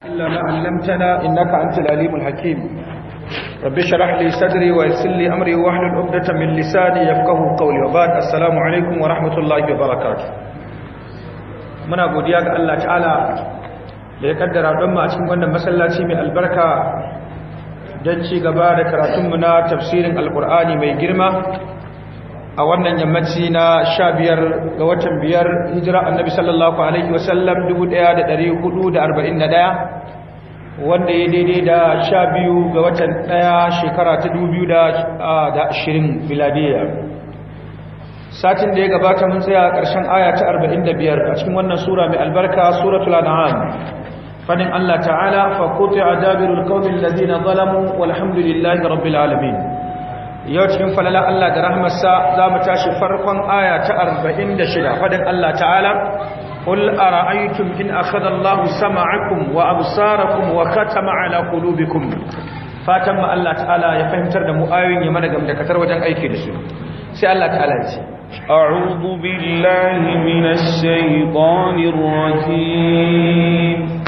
إلا ما علمتنا إنك أنت العليم الحكيم رب اشرح لي صدري ويسر لي أمري واحلل عقدة من لساني يفقهوا قولي وبعد السلام عليكم ورحمة الله وبركاته muna godiya ga Allah ta'ala da ya kaddara don mu a cikin wannan masallaci mai albarka don ci da karatunmu na tafsirin alkur'ani mai girma a wannan yammaci na sha biyar ga watan biyar hijira annabi sallallahu alaihi wasallam dubu ɗaya da ɗari hudu da arba'in da ɗaya wanda ya daidai da sha biyu ga watan ɗaya shekara ta dubu biyu da ashirin filadiyya satin da ya gabata mun tsaya a ƙarshen aya ta arba'in da biyar a cikin wannan sura mai albarka suratul an'am fadin Allah ta'ala fa quti'a dabirul qawmi alladhina zalamu walhamdulillahi rabbil alamin yau cikin falala Allah da rahmarsa za mu tashi farkon aya ta arba'in da shida fadin Allah ta'ala qul ara'aytum in akhadha Allahu sam'akum wa absarakum wa khatama ala qulubikum fatan ma Allah ta'ala ya fahimtar da mu ayoyin ya mana gamdakatar wajen aiki da su sai Allah ta'ala ya ce a'udhu billahi minash shaitanir rajim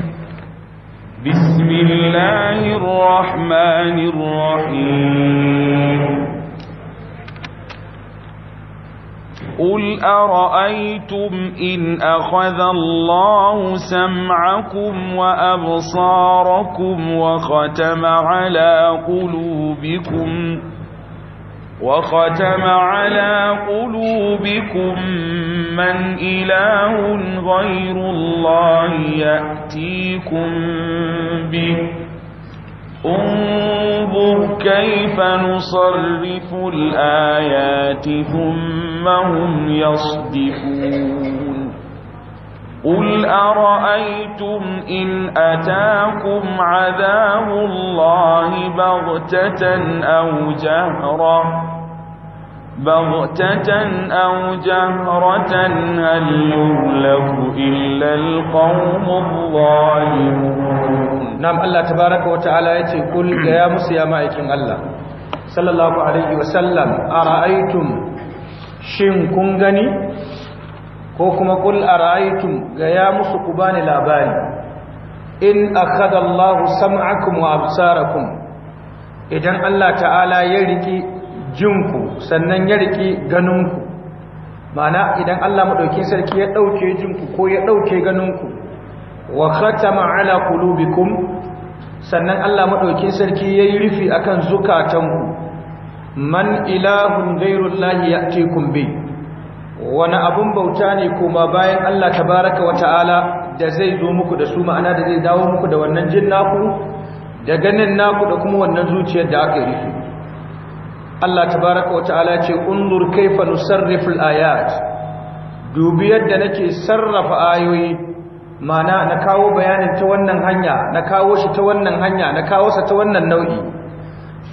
بسم الله الرحمن الرحيم قل أرأيتم إن أخذ الله سمعكم وأبصاركم وختم على قلوبكم وختم على قلوبكم من إله غير الله يأتيكم به كيف نصرف الآيات ثم هم يصدفون قل أرأيتم إن أتاكم عذاب الله بغتة أو جهرة بغتة أو جهرة هل يهلك إلا القوم الظالمون nam Allah tabaraka wa ta'ala yace kul ga ya musu ya ma'aikin Allah sallallahu alaihi wa sallam ra'aitun shin kun gani ko kuma kul ra’aitun ga ya musu ku bani labari in sam'a Allahu sam'akum wa absarakum idan Allah ta'ala ya riki jinku sannan ya riki ganinku ma'ana idan Allah maɗauki sarki ya ɗauke jinku ko ya ɗauke ganinku wa khatama ala qulubikum sannan Allah madaukin sarki yayi rufi akan zukatanku man ilahun ghairullahi ya'tikum bi wani abun bauta ne kuma bayan Allah tabaraka wa ta'ala da zai zo muku da su ma'ana da zai dawo muku da wannan jin naku da ganin naku da kuma wannan zuciyar da aka rufe Allah tabaraka wa ta'ala ce unzur kaifa nusarrifu al-ayat dubi yadda nake sarrafa ayoyi mana na kawo bayanin ta wannan hanya na kawo shi ta wannan hanya na kawo sa ta wannan nau'i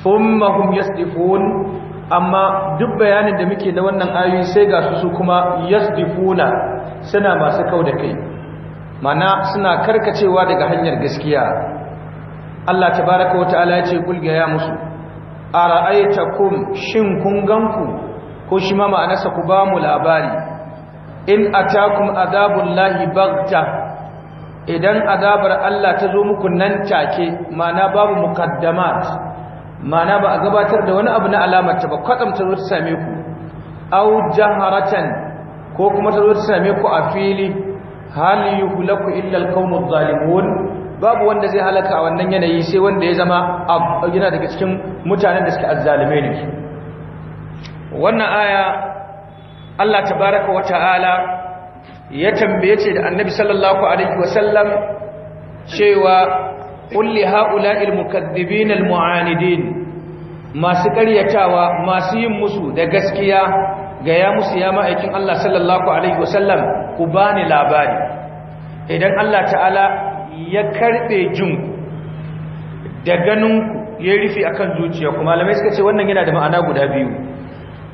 thumma hum yasdifun amma duk bayanin da muke na wannan ayoyi sai ga su su kuma yasdifuna suna masu kau da kai mana suna karkacewa daga hanyar gaskiya Allah tabaraka wa ta'ala ya ce kulga ya musu ara'aytakum shin kun ganku ko shi ma ma'anarsa ku ba mu labari in atakum adabullahi barta. idan azabar Allah ta zo muku nan take mana babu muqaddamat mana ba a gabatar da wani abu na alamar ta ba kwatsam ta zo ta same ku aw jaharatan ko kuma ta zo ta same ku a fili hal yuhlaku illa alqawmuz zalimun babu wanda zai halaka a wannan yanayi sai wanda ya zama yana daga cikin mutanen da suke azzalume ne wannan aya Allah tabaraka wa ta'ala ya tambaye ce da annabi sallallahu alaihi wasallam cewa kulli ha'ula'il mukaddibin almu'anidin masu karyatawa masu yin musu da gaskiya ga ya musu ya ma'aikin Allah sallallahu alaihi wasallam ku bani labari idan Allah ta'ala ya karbe jin da ganinku ya rufe akan zuciya kuma malamai suka ce wannan yana da ma'ana guda biyu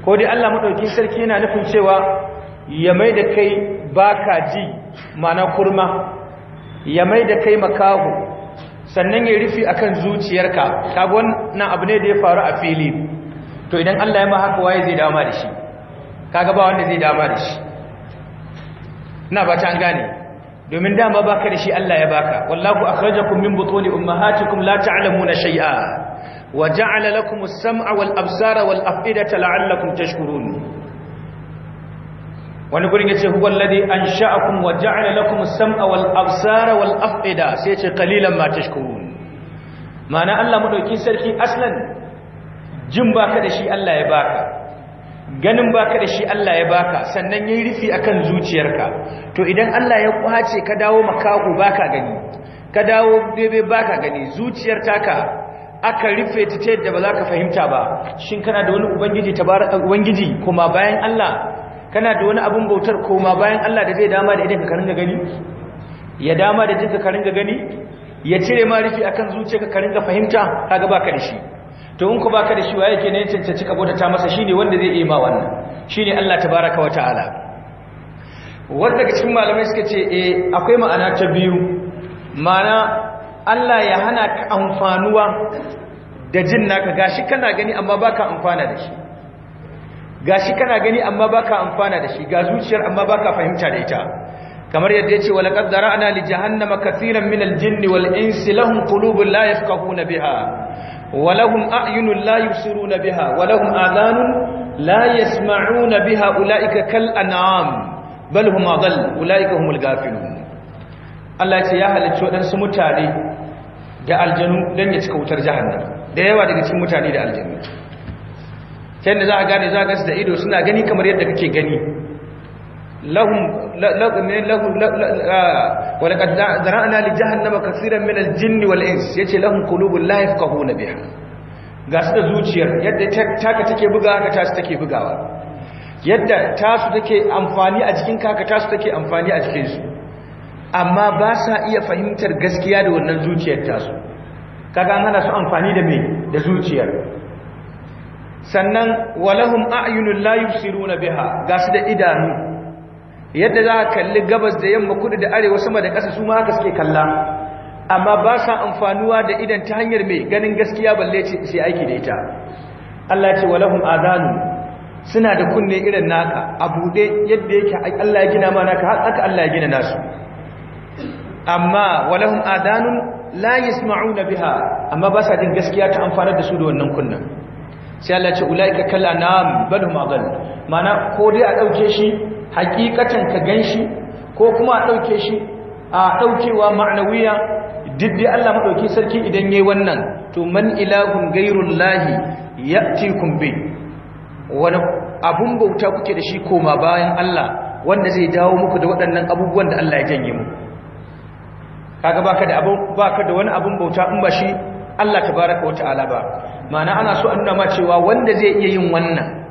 ko dai Allah madaukakin sarki yana nufin cewa ya mai da kai baka ji mana kurma ya mai da kai makaho sannan ya rufi akan zuciyarka kaga wannan abu ne da ya faru a fili to idan Allah ya ma waye zai dama da shi kaga ba wanda zai dama da shi ina ba ta an gane domin dama baka da shi Allah ya baka wallahu akhrajakum min butuni ummahatikum la ta'lamuna shay'a wa ja'ala lakum as-sam'a wal absara wal af'idata la'allakum tashkurun wani gurin yace huwa alladhi ansha'akum wa ja'ala lakum as-sam'a wal absara wal af'ida sai yace qalilan ma tashkurun ma'ana Allah madauki sarki aslan jin baka da shi Allah ya baka ganin baka da shi Allah ya baka sannan yayi rufi akan zuciyarka to idan Allah ya kwace ka dawo makaku baka gani ka dawo bebe baka gani zuciyar taka aka rufe ta ta yadda ba za ka fahimta ba shin kana da wani ubangiji tabaraka ubangiji kuma bayan Allah kana da wani abin bautar koma bayan Allah da zai dama da idan ka ringa gani ya dama da jinka ka gani ya cire ma akan zuciyarka ka ringa fahimta kaga baka da shi to in ku baka da shi wa ke ne cancanci ka ta masa shine wanda zai iya ma wannan shine Allah tabaaraka wa ta'ala wanda ga cikin malamai suka ce eh akwai ma'ana ta biyu ma'ana Allah ya hana ka amfanuwa da jin naka gashi kana gani amma baka amfana da shi Ga shi kana gani amma baka amfana da shi ga zuciyar amma baka fahimta da ita kamar yadda yace wala qad Ana li jahannama katsiran min al-jinn wal insi lahum qulubun la yafqahuna biha Walahun lahum a'yunun la na biha Walahun lahum adhanun la na biha ulaika kal an'am bal hum ulaika humul ghafilun Allah ce ya halarci waɗansu mutane da aljanu dan ya cika wutar jahannama da yawa daga cikin mutane da aljanu ta yadda za a gane za a gasu da ido suna gani kamar yadda kake gani walaƙad zara'ana li jahannama kasiran min aljinni wal ins yace lahum qulubun la yafqahuna biha ga su da zuciyar yadda taka take buga ka tasu take bugawa yadda tasu take amfani a jikin kaka tasu take amfani a jikin amma ba sa iya fahimtar gaskiya da wannan zuciyar tasu kaga an hana su amfani da me da zuciyar sannan walahum a'yunun la yusiruna biha gasu da idanu yadda za ka kalli gabas da yamma kudu da arewa sama da ƙasa su ma haka suke kalla amma ba sa amfanuwa da idan ta hanyar mai ganin gaskiya balle ce sai aiki da ita Allah ce walahum adanu suna da kunne irin naka a buɗe yadda yake Allah ya gina ma naka har aka Allah ya gina nasu amma walahum adanun la yasma'una biha amma ba sa jin gaskiya ta amfanar da su da wannan kunnan sai Allah ce ulaika kal anam bal hum mana ko dai a dauke shi hakikatan ka ganshi ko kuma a dauke shi a daukewa ma'anawiya diddi Allah madauki sarki idan yayi wannan to man ilahun ghairullahi yatikum bi wani abun bauta kuke da shi koma bayan Allah wanda zai dawo muku da waɗannan abubuwan da Allah ya janye mu? kaga baka da abun baka da wani abun bauta in ba shi Allah tabaaraka ta'ala ba ma'ana ana so an ma cewa wanda zai iya yin wannan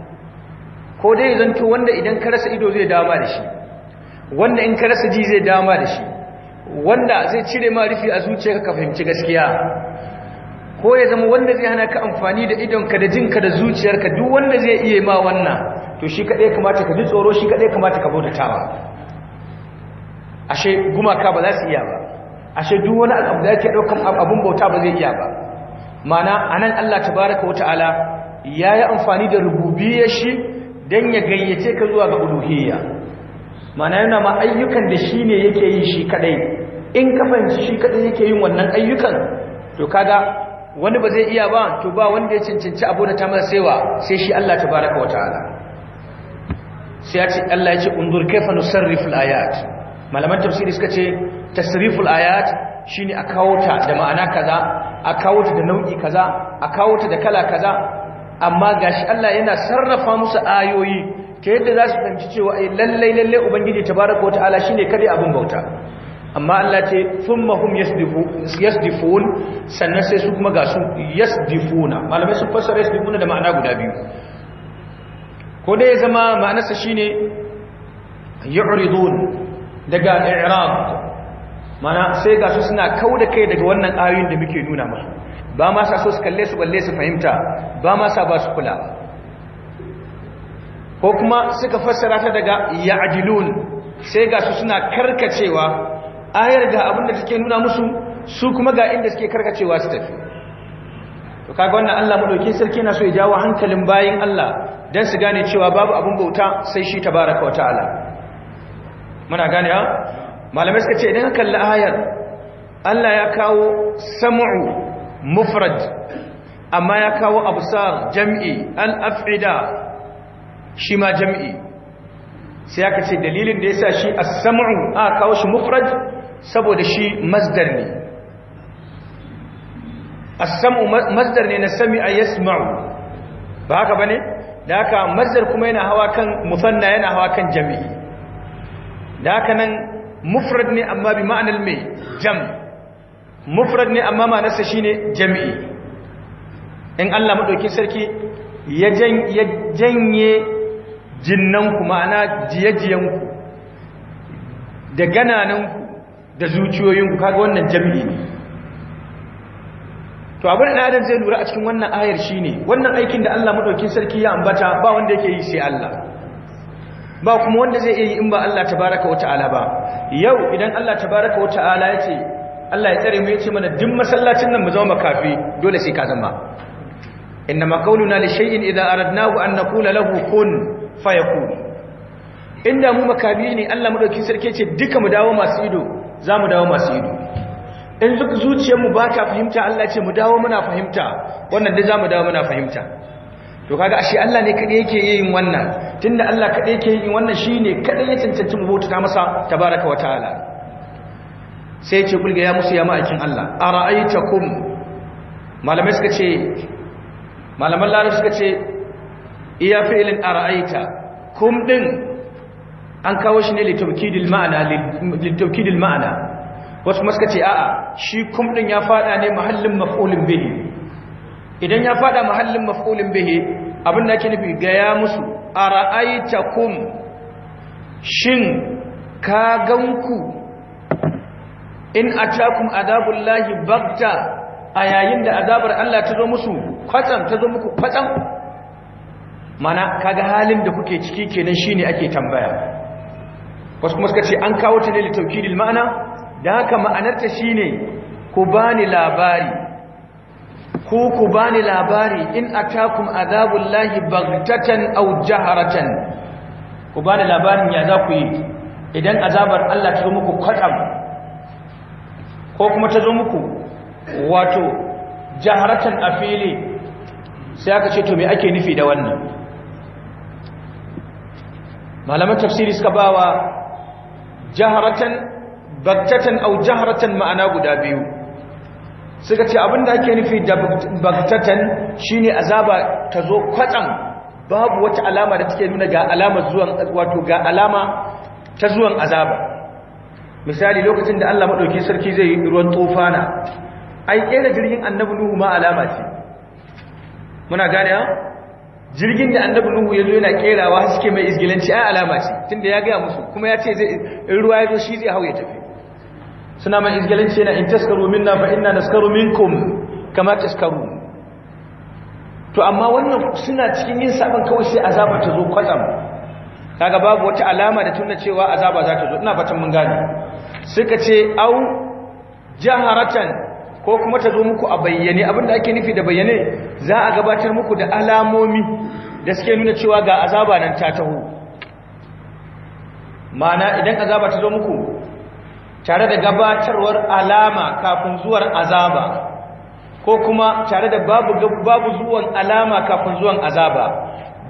ko dai zanto wanda idan ka rasa ido zai dama da shi wanda in ka rasa ji zai dama da shi wanda zai cire ma rufi a zuciyarka ka fahimci gaskiya ko ya zama wanda zai hana ka amfani da idonka da jinka da zuciyarka duk wanda zai iya ma wannan to shi kaɗai kamata ka ji tsoro shi kaɗai kamata ka bautawa ashe gumaka ba za su iya ba ashe duk wani al'abu da yake daukan abun bauta ba zai iya ba mana anan Allah ta baraka tabaraka wata'ala yi amfani da rububiyar shi don ya gayyace ka zuwa ga uluhiyya mana yana ma ayyukan da shi ne yake yi shi kadai in kafanci shi kadai yake yin wannan ayyukan to kaga wani ba zai iya ba to ba wanda ya cancanci abu da ta masewa sai shi Allah ta tabaraka wata'ala sai ya ce Allah ya ce undur kaifa nusarrifu ayat malaman tafsiri suka ce tasriful ayat shine a kawo ta da ma'ana kaza a kawo ta da nau'i kaza a kawo ta da kala kaza amma ga shi Allah yana sarrafa musu ayoyi ta yadda za su fahimci cewa yi eh, lallai lallai ubangiji ta ala, shi ne, kare abin bauta amma Allah ce thumma mahum yasdifun sannan sai su kuma ga su yasdifuna malamai sun fassara yasdifuna da ma'ana guda biyu ko dai ya zama ma'anarsa shi shine yu'ridun daga i'rab mana sai ga su suna kauda kai daga wannan ayoyin da muke nuna ma ba ma sa so su kalle su balle su fahimta ba ma sa ba su kula ko kuma suka fassara ta daga ya'jilun sai ga su suna karkacewa ayar ga abin da take nuna musu su kuma ga inda suke karkacewa su tafi to kaga wannan Allah madauki sarki na so ya jawo hankalin bayin Allah dan su gane cewa babu abin bauta sai shi tabaaraka wa ta'ala muna gane ha malamai suka ce idan kalli ayar Allah ya kawo sam'u mufrad amma ya kawo absar jam'i al-af'ida shi ma jam'i sai aka ce dalilin da yasa shi as-sam'u aka kawo shi mufrad saboda shi masdar ne as-sam'u masdar ne na sami'a yasma'u ba haka bane da haka masdar kuma yana hawa kan musanna yana hawa kan jami'i da haka nan mufrad ne amma bi ma'anar mai jam mufrad ne amma ma'anarsa shine jam'i in Allah madaukin sarki ya janye jinnanku ma'ana jiyajiyanku da ganananku da zuciyoyinku kaga wannan jam'i ne to abin da adam zai lura a cikin wannan ayar shine wannan aikin da Allah madaukin sarki ya ambata ba wanda yake yi sai Allah ba kuma wanda zai iya yi in ba Allah tabaraka wa ta'ala ba yau idan Allah tabaraka wa ta'ala ya ce Allah ya tsare mu ya ce mana duk masallacin nan mu zama makafi dole sai ka zama ma qawluna li shay'in idza aradnahu an naqula lahu kun fayakun inda mu makabi ne Allah dauki sarki ce duka mu dawo masu ido za mu dawo masu ido in zuciyarmu ba ta fahimta Allah ce mu dawo muna fahimta wannan da za mu dawo muna fahimta to kaga ashe Allah ne kadai yake yin wannan tunda Allah kadai yake yin wannan shine kadai ya cancanci mu bauta masa tabaraka wa ta'ala sai ya ce kulga ya musu ya ma'aikin Allah ara'aitakum malamai suka ce malaman larabci suka ce iya fi'ilin ara'aita kum din an kawo shi ne litaukidil ma'ana litaukidil ma'ana wasu suka ce a'a shi kum din ya fada ne mahallin maf'ulin bihi idan ya fada mahallin maf'ulin bihi abin da ake nufi ga ya musu ara'aitakum shin ka ganku in atakum lahi bakta a yayin da azabar Allah ta zo musu kwatsam ta zo muku kwatsam mana kaga halin da kuke ciki kenan shi shine ake tambaya wasu kuma suka ce an kawo ta ne litaukidil ma'ana da haka ma'anarta shi ne ku bani labari ku ku bani labari in atakum azabullahi baghtatan aw jaharatan ku bani labarin ya za ku yi idan azabar Allah ta zo muku kwatsam ko kuma ta zo muku wato jaharatan a fili sai aka ce to me ake nufi da wannan malaman tafsiri suka bawa jaharatan baktatan au jaharatan ma'ana guda biyu suka ce abinda ake nufi da bagtatan shine azaba ta zo kwatsam babu wata alama da take nuna ga alama zuwan wato ga alama ta zuwan azaba misali lokacin da Allah madauki sarki zai yi ruwan tufana ai kera jirgin annabi nuhu ma alama ce muna gane ha jirgin da annabi nuhu ya zo yana kerawa haske mai izgilanci ai alama ce tunda ya ga musu kuma ya ce zai ruwa ya zo shi zai ya tafi suna mai izgalanci yana in taskaru minna fa ina naskaru minkum kama taskaru to amma wannan suna cikin yin sabon kawai sai azaba ta zo kwatsam kaga babu wata alama da tunna cewa azaba za ta zo ina fatan mun gane suka ce au jaharatan ko kuma ta zo muku a bayyane abinda ake nufi da bayyane za a gabatar muku da alamomi da suke nuna cewa ga azaba nan ta taho Ma'ana idan azaba ta zo muku tare da gabatarwar alama kafin zuwar azaba ko kuma tare da babu babu zuwan alama kafin zuwan azaba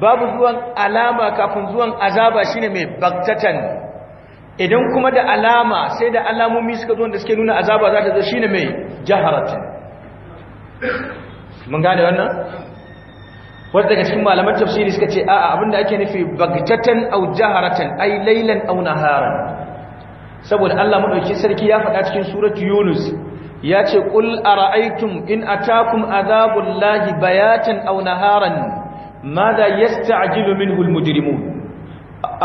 babu zuwan alama kafin zuwan azaba shine mai baktatan idan kuma da alama sai da alamomi suka zo da suke nuna azaba za ta zo shine mai jaharatin mun gane wannan wanda daga cikin malaman tafsiri suka ce a'a abinda ake nufi baktatan au jaharatan ai laylan aw naharan saboda Allah madauki sarki ya faɗa cikin suratu Yunus ya ce qul ara'aytum in atakum Lahi bayatan aw naharan madha yasta'jilu minhu almujrimun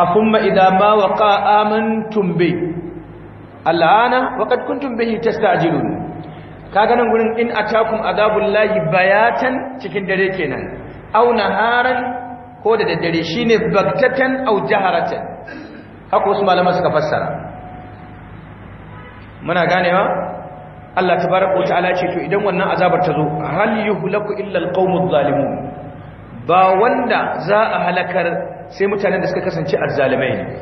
afumma idha ma waqa amantum bi al'ana wa qad kuntum bihi tasta'jilun kaga nan gurin in atakum Lahi bayatan cikin dare kenan aw naharan ko da daddare shine baktatan aw jaharatan haka wasu malama suka fassara muna ganewa Allah Ta tabaraka ala ce to idan wannan azabar ta zo hal yuhlaku illa alqawmuz zalimun ba wanda za a halakar sai mutanen da suka kasance azzalimai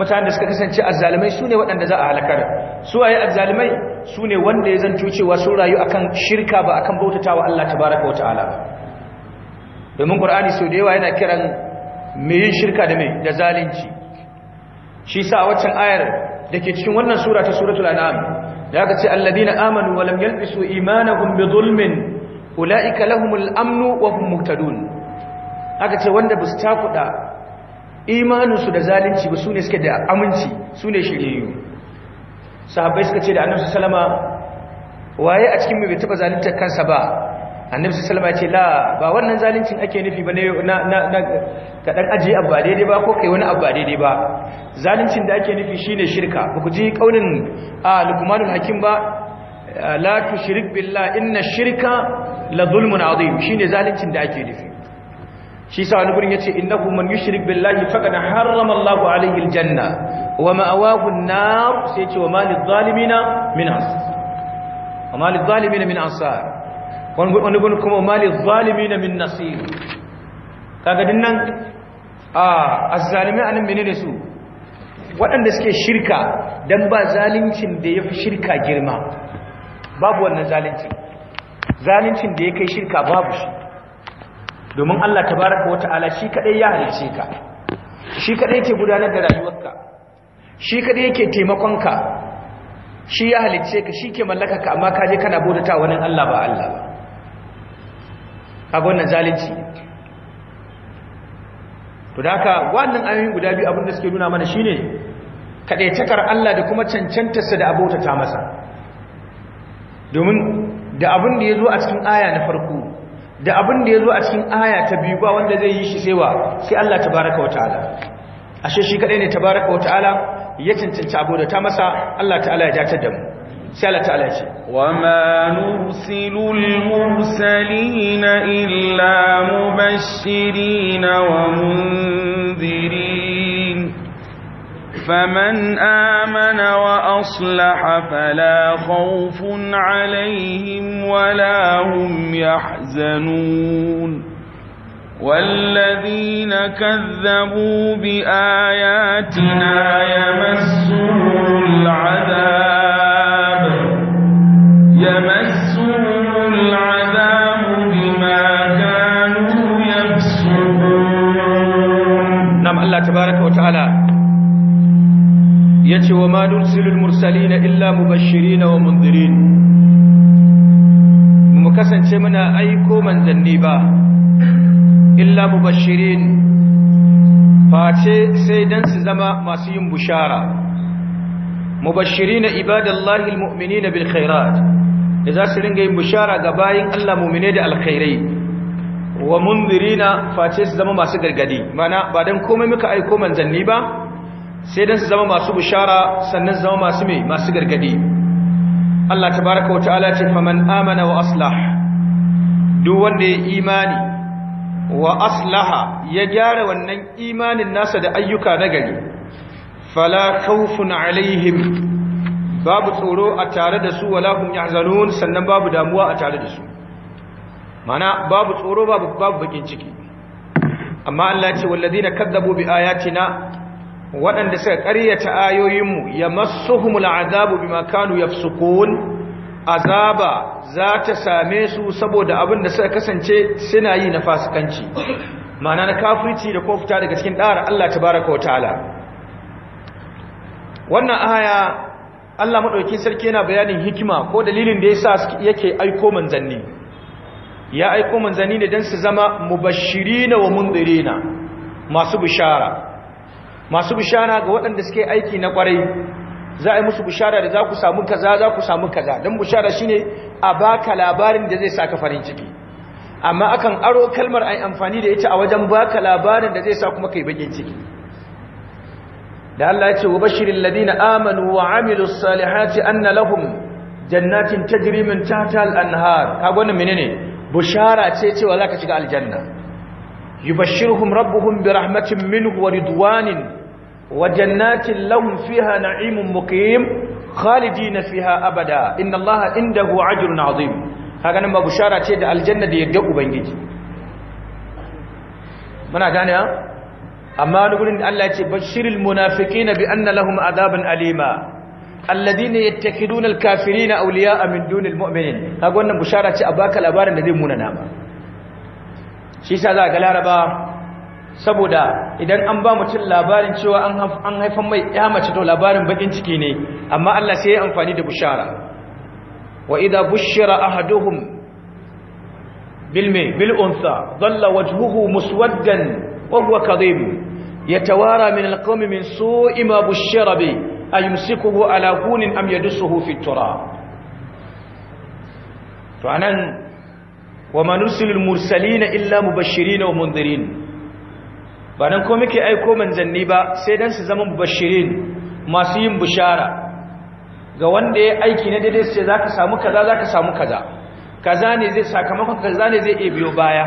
mutanen da suka kasance azzalimai sune waɗanda za a halakar su waye azzalimai sune wanda ya zanto cewa sun rayu akan shirka ba akan bautatawa Allah tabaraka ta'ala domin qur'ani sau da yawa yana kiran mai yin shirka da me da zalunci shi sa a waccan ayar dake cikin wannan sura ta suratul an'am da aka ce alladina amanu wa lam yalbisu imanahum bi zulmin ulaika lahumul amnu wa hum muhtadun aka ce wanda ba su takuda imaninsu da zalunci ba su ne suke da aminci su ne shiryayyu sahabbai suka ce da annabi sallama waye a cikin mu bai taba zaluntar kansa ba annabi ya ce la ba wannan zalincin ake nufi ba ne na na ka dan aje abu ba daidai ba ko kai wani abu ba daidai ba zalincin da ake nufi shine shirka ba ku ji kaunin al-luqmanul hakim ba la tushrik billah inna shirka la zulmun azim shine zalincin da ake nufi shi sa wani gurin yace innahu man yushrik billahi faqad harrama Allahu alayhi al-janna wa ma'awahu an-nar sai ce wa malil zalimina min ansar wa malil zalimina min ansar wani gudun kuma mali zalimi na min nasiru kagadin nan a zalimi a nan menene su waɗanda suke shirka don ba zalincin da ya fi shirka girma babu wannan zalincin zalincin da ya kai shirka babu shi domin Allah ta tabaraka wata'ala shi kaɗai ya halice ka shi kaɗai yake gudanar da rayuwarka shi kaɗai yake taimakonka shi ya halice ka shi ke mallaka ka amma kaje kana bautata wani Allah ba Allah ba kaga wannan zalunci to da haka wannan ayoyin guda biyu abinda suke nuna mana shine kadaitakar Allah da kuma cancantarsa da ta masa domin da abin da ya a cikin aya na farko da abin da ya zo a cikin aya ta biyu ba wanda zai yi shi sai wa sai Allah tabaaraka wa ta'ala ashe shi kadai ne tabaaraka wa ta'ala ya cancanci abota ta masa Allah ta'ala ya datar da mu sai Allah ta'ala ce wa ma nursilul mursalina illa mubashirin wa munzirin faman amana wa aslaha fala khawfun alaihim wala hum yahzanun والذين كذبوا بآياتنا يمسهم العذاب يمسهم العذاب بما yace wa silul nursilul na illa mubashirin wa mundirin mu kasance muna aiko manzanni ba illa mubashirin face sai dan su zama masu yin bushara mubashirin ibadallahi almu'minina bil khairat za su ringa yin bishara ga bayin Allah mu'mine da alkhairai wa munzirina face su zama masu gargadi mana ba dan komai muka aiko manzanni ba sai dan su zama masu bishara sannan su zama masu mai masu gargadi Allah tabaraka wa ta'ala ce faman amana wa aslah duk wanda ya imani wa aslaha ya gyara wannan imanin nasa da ayyuka na gari fala khawfun alaihim babu tsoro a tare da su wala hum yahzanun sannan babu damuwa a tare da su mana babu tsoro babu babu bakin ciki amma Allah ce wallazina kadzabu bi ayatina waɗanda suka ƙaryata ayoyinmu yamassuhumul azabu bima kanu yafsukun azaba za ta same su saboda abin da suka kasance suna yi na fasikanci mana na kafirci da kofuta daga cikin ɗara Allah ta wa ta'ala wannan aya Allah maɗauki sarki yana bayanin hikima ko dalilin da ya yasa yake aiko manzanni ya aiko manzanni ne dan su zama mubashirina wa mundirina masu bishara masu bishara ga waɗanda suke aiki na kwarai za a yi musu bishara da za ku samu kaza za ku samu kaza don bishara shine a baka labarin da zai saka farin ciki amma akan aro kalmar ai amfani da ita a wajen baka labarin da zai sa kuma kai bakin ciki da Allah ya ce wa bashirin ladina amanu wa amilu salihati anna lahum jannatin tajri min tahtiha al-anhar kaga wannan menene bushara ce cewa zaka shiga aljanna yubashshiruhum rabbuhum bi rahmatin minhu wa ridwanin wa jannatin lahum fiha na'imun muqim khalidina fiha abada inna Allaha indahu ajrun azim kaga nan ba bushara ce da aljanna da yadda ubangiji muna gane ha amma wani gurin da Allah ya ce bashiril na bi anna lahum azabin alima alladhina yattakiduna alkafirina awliya'a a dunil mu'minin kaga wannan bushara ce a baka labarin da zai muna nama shi yasa za ga laraba saboda idan an ba mutum labarin cewa an haifan mai ya mace to labarin bakin ciki ne amma Allah sai ya amfani da bushara wa idan bushira ahaduhum bil unsa dhalla wajhuhu muswaddan وهو كذيب يتوارى من القوم من سوء ما بشر به أيمسكه على هون أم يدسه في التراب فعنا وما نرسل المرسلين إلا مبشرين ومنذرين ba nan ko muke aiko manzanni ba sai dan su zama mubashirin masu yin bishara ga wanda ya aiki na daidai sai ka samu kaza ka samu kaza kaza ne zai sakamakon kaza ne zai iya biyo baya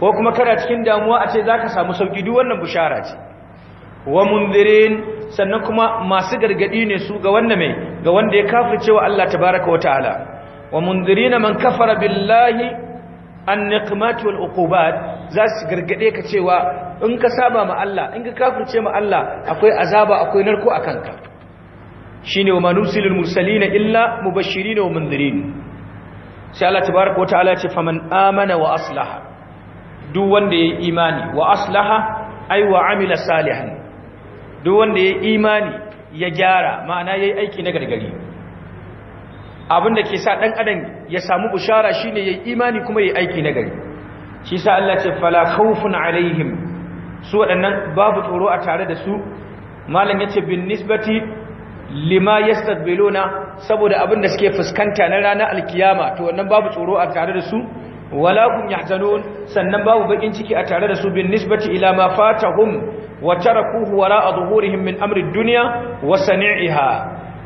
ko kuma kana cikin damuwa a ce zaka samu sauki duk wannan bushara ce wa munzirin sannan kuma masu gargadi ne su ga wanda mai ga wanda ya kafirce wa Allah tabaaraka wa ta'ala wa munzirin man kafara billahi an-niqmat wal-uqubat za su gargade ka cewa in ka saba ma Allah in ka kafirce ma Allah akwai azaba akwai narko akan ka shine wa manusilul mursalina illa mubashirin wa mundirin sai Allah tabaaraka wa ta'ala ce faman amana wa aslaha duk wanda ya imani wa aslaha ai wa amila salihan duk wanda ya imani ya gyara ma'ana yayi aiki na gargari Abin da ke sa dan adam ya samu bushara shine yayi imani kuma yayi aiki na gari shi sa Allah ce fala khawfun alaihim su waɗannan babu tsoro a tare da su malam yace bin nisbati lima yastaqbiluna saboda abin da suke fuskanta na ranar alkiyama to wannan babu tsoro a tare da su wala kun yahzanun sannan babu bakin ciki a tare da su bin nisbati ila ma fatahum wa tarakuhu wara adhurihim min amri dunya wa sani'iha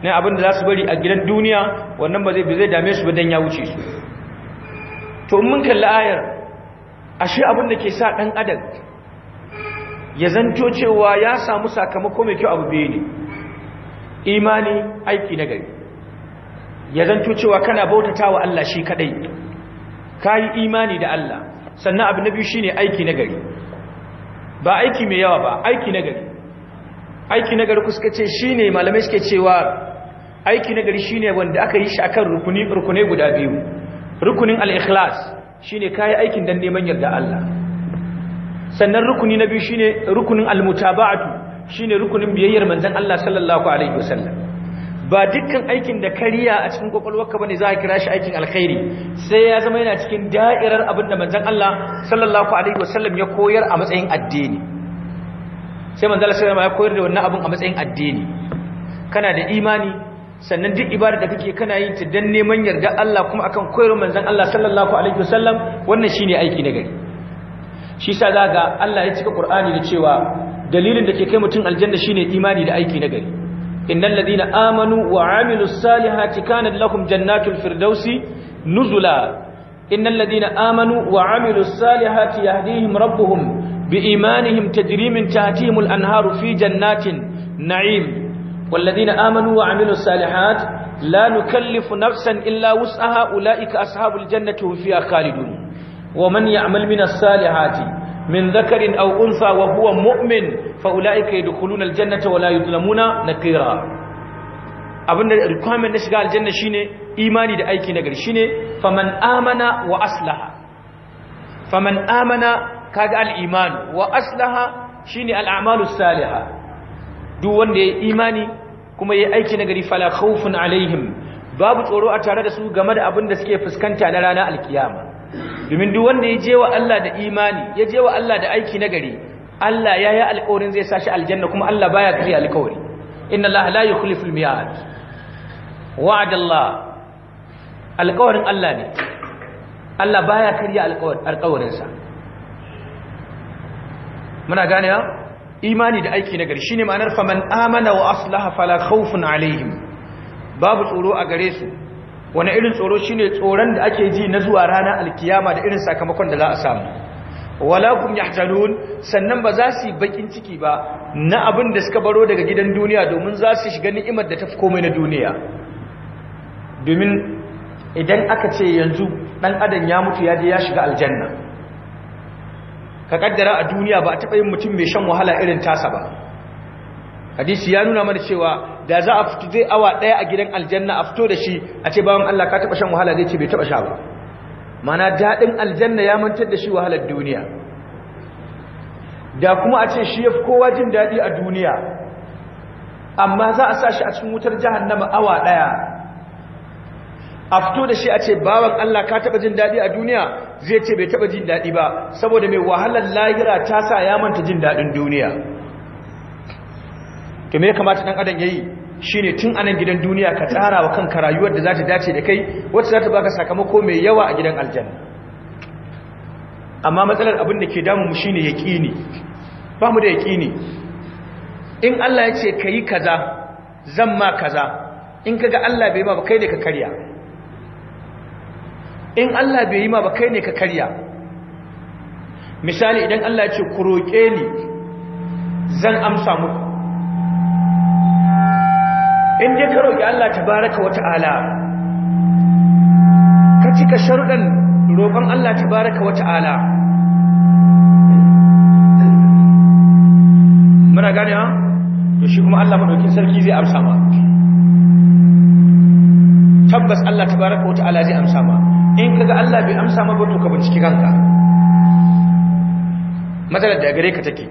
ne abin da zasu bari a gidan duniya wannan ba zai bi dame su ba dan ya wuce su to mun kalli ayar ashe abin da ke sa dan adam ya zanto cewa ya samu sakamako mai kyau abu biyu ne imani aiki na gari ya zanto cewa kana bautatawa Allah shi kadai ka yi imani da Allah sannan abu na biyu shi ne aiki na gari ba aiki mai yawa ba aiki na gari aiki na gari kuska ce shi ne malamai suke cewa aiki na gari shi ne wanda aka yi shi akan rukunai guda biyu rukunin al'ikhlas shi ne ka yi aikin don neman yarda Allah sannan rukuni na biyu shi ne rukunin al-mutaba'atu shi ne rukunin biyayyar manzan Allah sallallahu alaihi wasallam ba dukkan aikin da kariya a cikin kwakwalwarka bane za a kira shi aikin alkhairi sai ya zama yana cikin da'irar abin da manzon Allah sallallahu alaihi wasallam ya koyar a matsayin addini sai manzon Allah sallallahu alaihi ya koyar da wannan abin a matsayin addini kana da imani sannan duk ibada da kake kana yin ta dan neman yarda Allah kuma akan koyar manzon Allah sallallahu alaihi wasallam wannan shine aiki na gari shi sa zaga Allah ya cika Qur'ani da cewa dalilin da ke kai mutum aljanna shine imani da aiki na gari إن الذين آمنوا وعملوا الصالحات كانت لهم جنات الفردوس نزلا إن الذين آمنوا وعملوا الصالحات يهديهم ربهم بإيمانهم تجري من تحتهم الأنهار في جنات نعيم والذين آمنوا وعملوا الصالحات لا نكلف نفسا إلا وسعها أولئك أصحاب الجنة هم فيها خالدون ومن يعمل من الصالحات min zakarin aw unsa wa huwa mu'min fa ulaika yadkhuluna aljannata wa la yuzlamuna naqira abinda requirement na shiga aljanna shine imani da aiki nagari shine faman amana wa aslaha faman amana kaga al-iman wa aslaha shine al-a'malu Saliha. duk wanda ya imani kuma ya aiki nagari fala khawfun alaihim babu tsoro a tare da su game da abin da suke fuskanta na rana alkiyama domin duk wanda ya je wa Allah da imani ya je wa Allah da aiki nagari Allah ya yi alkawarin zai sashi aljanna kuma Allah baya kare alƙawari inna Allah la yukhlifu al-mi'ad wa'ada Allah alkawarin Allah ne Allah baya kare alƙawarin sa muna gane ya imani da aiki nagari shine ma'anar faman amana wa aslaha fala khawfun alaihim babu tsoro a gare su wani irin tsoro shi ne tsoron da ake ji na zuwa ranar alkiyama da irin sakamakon da za a samu walakum hajjarun sannan ba za su yi bakin ciki ba na abin da suka baro daga gidan duniya domin za su shiga ni'imar da ta fi komai na duniya domin idan aka ce yanzu ɗan adam ya mutu ya je ya shiga aljanna ka kaddara a duniya ba a taɓa yin mutum mai shan wahala irin tasa ba hadisi ya nuna mana cewa da za a fito zai awa daya a gidan aljanna a fito da shi a ce bawan Allah ka taba shan wahala zai ce bai taba sha ba mana dadin aljanna ya mantar da shi wahalar duniya da kuma a ce shi yafi kowa jin dadi a duniya amma za a sa shi a cikin wutar jahannama awa daya a fito da shi a ce bawan Allah ka taba jin dadi a duniya zai ce bai taba jin dadi ba saboda mai wahalar lahira ta sa ya manta jin dadin duniya to me ya kamata dan adam yayi shine tun anan gidan duniya ka tsara wa kanka rayuwar da za ta dace da kai wacce za ta baka sakamako mai yawa a gidan aljanna amma matsalar abin da ke damu mu shine yaqini ba mu da yaqini in Allah ya ce kayi kaza zan ma kaza in kaga Allah bai ma ba kai ne ka karya in Allah bai yi ma ba kai ne ka karya misali idan Allah ya ce ku roke ni zan amsa muku in je ka roƙi Allah tabaraka wata'ala ka cika sharuɗan roƙon Allah tabaraka wata'ala muna gane ha to shi kuma Allah madaukin sarki zai amsa ma tabbas Allah tabaraka wata'ala zai amsa ma in kaga Allah bai amsa ma ba to ka binciki kanka matsalar da gare ka take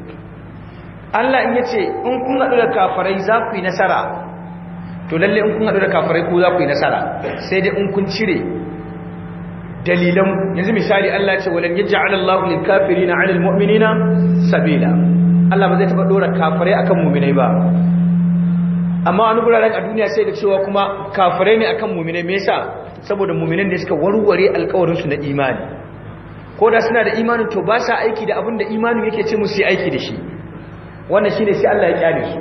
Allah in yace in kun haɗu da kafarai za ku yi nasara to lalle in kun hadu da kafirai ko za ku yi nasara sai dai in kun cire dalilan yanzu misali Allah ce walan yaj'al Allahu lil kafirina 'ala al mu'minina sabila Allah ba zai taba dora kafirai akan mu'minai ba amma wani guraren a duniya sai da cewa kuma kafirai ne akan mu'minai me yasa saboda mu'minan da suka warware alƙawarin su na imani ko da suna da imanin to ba sa aiki da abin da imanin yake ce musu yi aiki da shi wannan shine sai Allah ya kyale su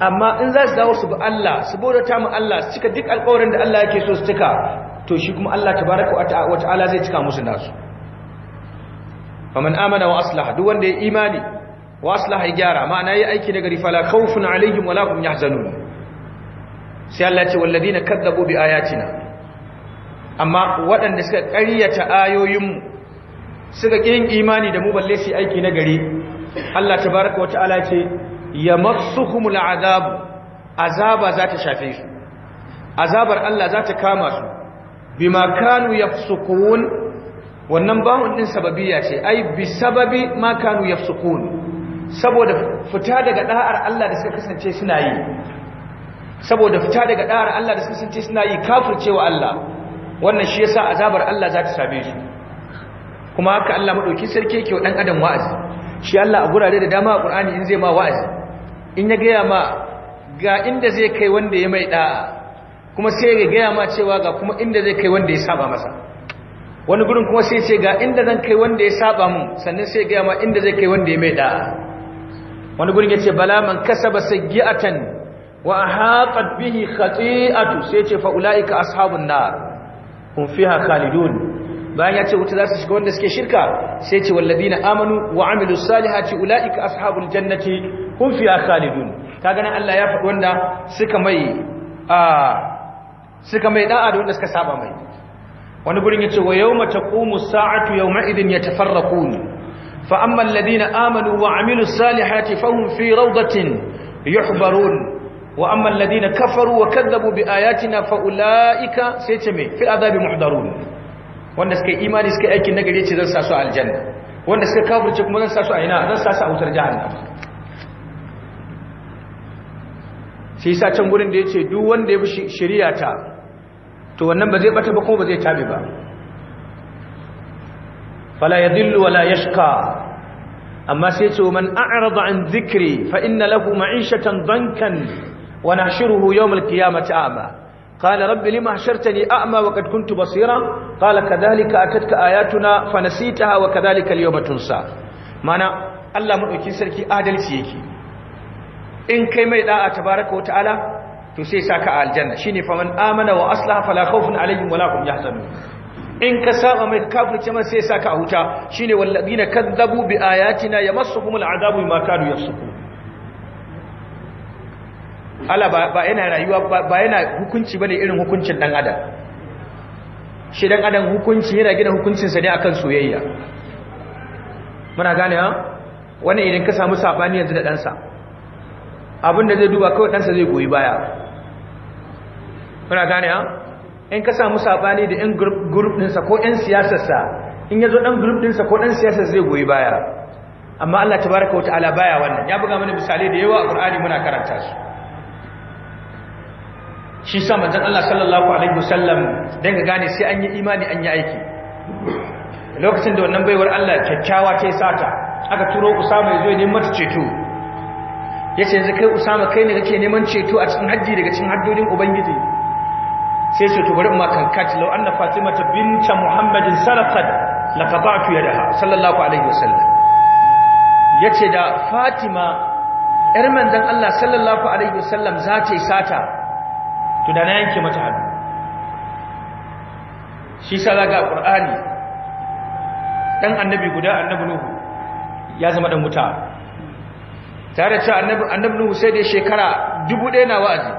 amma in za su dawo su bi Allah su bautata mu Allah su cika duk alƙawarin da Allah yake so su cika to shi kuma Allah tabaraka wa ta'ala zai cika musu nasu faman amana wa aslaha duk wanda ya imani wa aslaha ya gyara ma'ana yi aiki daga rifala khawfun alaihim wala hum yahzanun sai Allah ce walladina kadzabu bi ayatina amma waɗanda suka ƙaryata mu suka yin imani da mu balle su aiki na gari Allah tabaraka wa ta'ala ce yamassuhumul azab azaba za ta shafe su azabar Allah za ta kama su bima kanu yafsukun wannan bawon din sababiyya ce ai bi sababi ma kanu yafsukun saboda fita daga da'ar Allah da suka kasance suna yi saboda fita daga ɗa'ar Allah da suka kasance suna yi kafircewa Allah wannan shi yasa azabar Allah za ta same su kuma haka Allah madauki sarki yake wa dan adam wa'azi shi Allah a gurare da dama a Qur'ani in zai ma wa'azi in ya gaya ma ga inda zai kai wanda ya mai da'a kuma sai ya gaya ma cewa ga kuma inda zai kai wanda ya saba masa wani gudun kuma sai ce ga inda zan kai wanda ya saba mun sannan sai ya gaya ma inda zai kai wanda ya mai da'a wani gudun ya ce bala man sai gi’atan wa a ahaqat bihi khati'atu sai ce fa ulaika ashabun nar hum fiha khalidun bayan ya ce wuta za su shiga wanda suke shirka sai ce wallazina amanu wa amilus salihati ulaika ashabul jannati hum fiha khalidun kaga nan Allah ya faɗi wanda suka mai a suka mai da'a da wanda suka saba mai wani gurin yace wa yawma taqumu as-sa'atu yawma idin yatafarraqun fa amma alladhina amanu wa saliha salihati fahum fi rawdatin yuhbarun wa amma alladhina kafaru wa kadzabu bi ayatina fa ulaika sai ce me fi adabi muhdarun wanda suka yi imani suka yi aikin nagari ce zan sa su a aljanna wanda suka kafirce kuma zan sa su a ina zan sa su a wutar jahannama shi yasa can gurin da yace duk wanda ya bi shari'a ta to wannan ba zai bata ba kuma ba zai tabe ba fala yadhillu wala yashqa amma sai ce man a'rada an dhikri fa inna lahu ma'ishatan dankan wa nahshuruhu yawm al-qiyamati a'ma قال رب لما حشرتني أعمى وقد كنت بصيرا قال كذلك أتتك آياتنا فنسيتها وكذلك اليوم تنسى معنى الله مدوكي سركي آدلتي يكي إن كيما يدعى تبارك وتعالى تسيساك على الجنة شيني فمن آمن وأصلح فلا خوف عليهم ولا هم يحزنون in ka saba mai kafirce man sai saka a huta shine wallazina kadzabu bi ayatina yamassuhumul azabu bima kanu yafsukun Allah ba yana rayuwa ba yana hukunci bane irin hukuncin dan adam shi dan adam hukunci yana gina hukuncinsa ne akan soyayya muna gane ha wannan idan ka samu sabani yanzu da ɗansa abinda zai duba kawai ɗansa zai goyi baya muna gane ha in ka samu sabani da in group sa ko siyasar sa in ya zo ɗan din sa ko ɗan siyasar zai goyi baya amma Allah tabaraka wa ta'ala baya wannan ya buga mana misali da yawa a Qur'ani muna karanta su shi sa manzon Allah sallallahu alaihi wasallam dan ga gane sai an yi imani an yi aiki lokacin da wannan baiwar Allah kyakkyawa ta yi sata aka turo Usama ya zo ya neman ceto yace yanzu kai Usama kai ne kake neman ceto a cikin hajji daga cikin haddodin ubangiji sai ce to bari in ma kankat law anna ta binta muhammadin sarqat laqata'tu yadaha sallallahu alaihi wasallam yace da fatima yar manzon Allah sallallahu alaihi wasallam za ta yi sata na yanke mata hadu. shi salaga a ƙur'ani ɗan annabi guda annabi nuhu ya zama ɗan wuta tare ce annabi nuhu sai dai shekara dubu ɗaya na wa'azi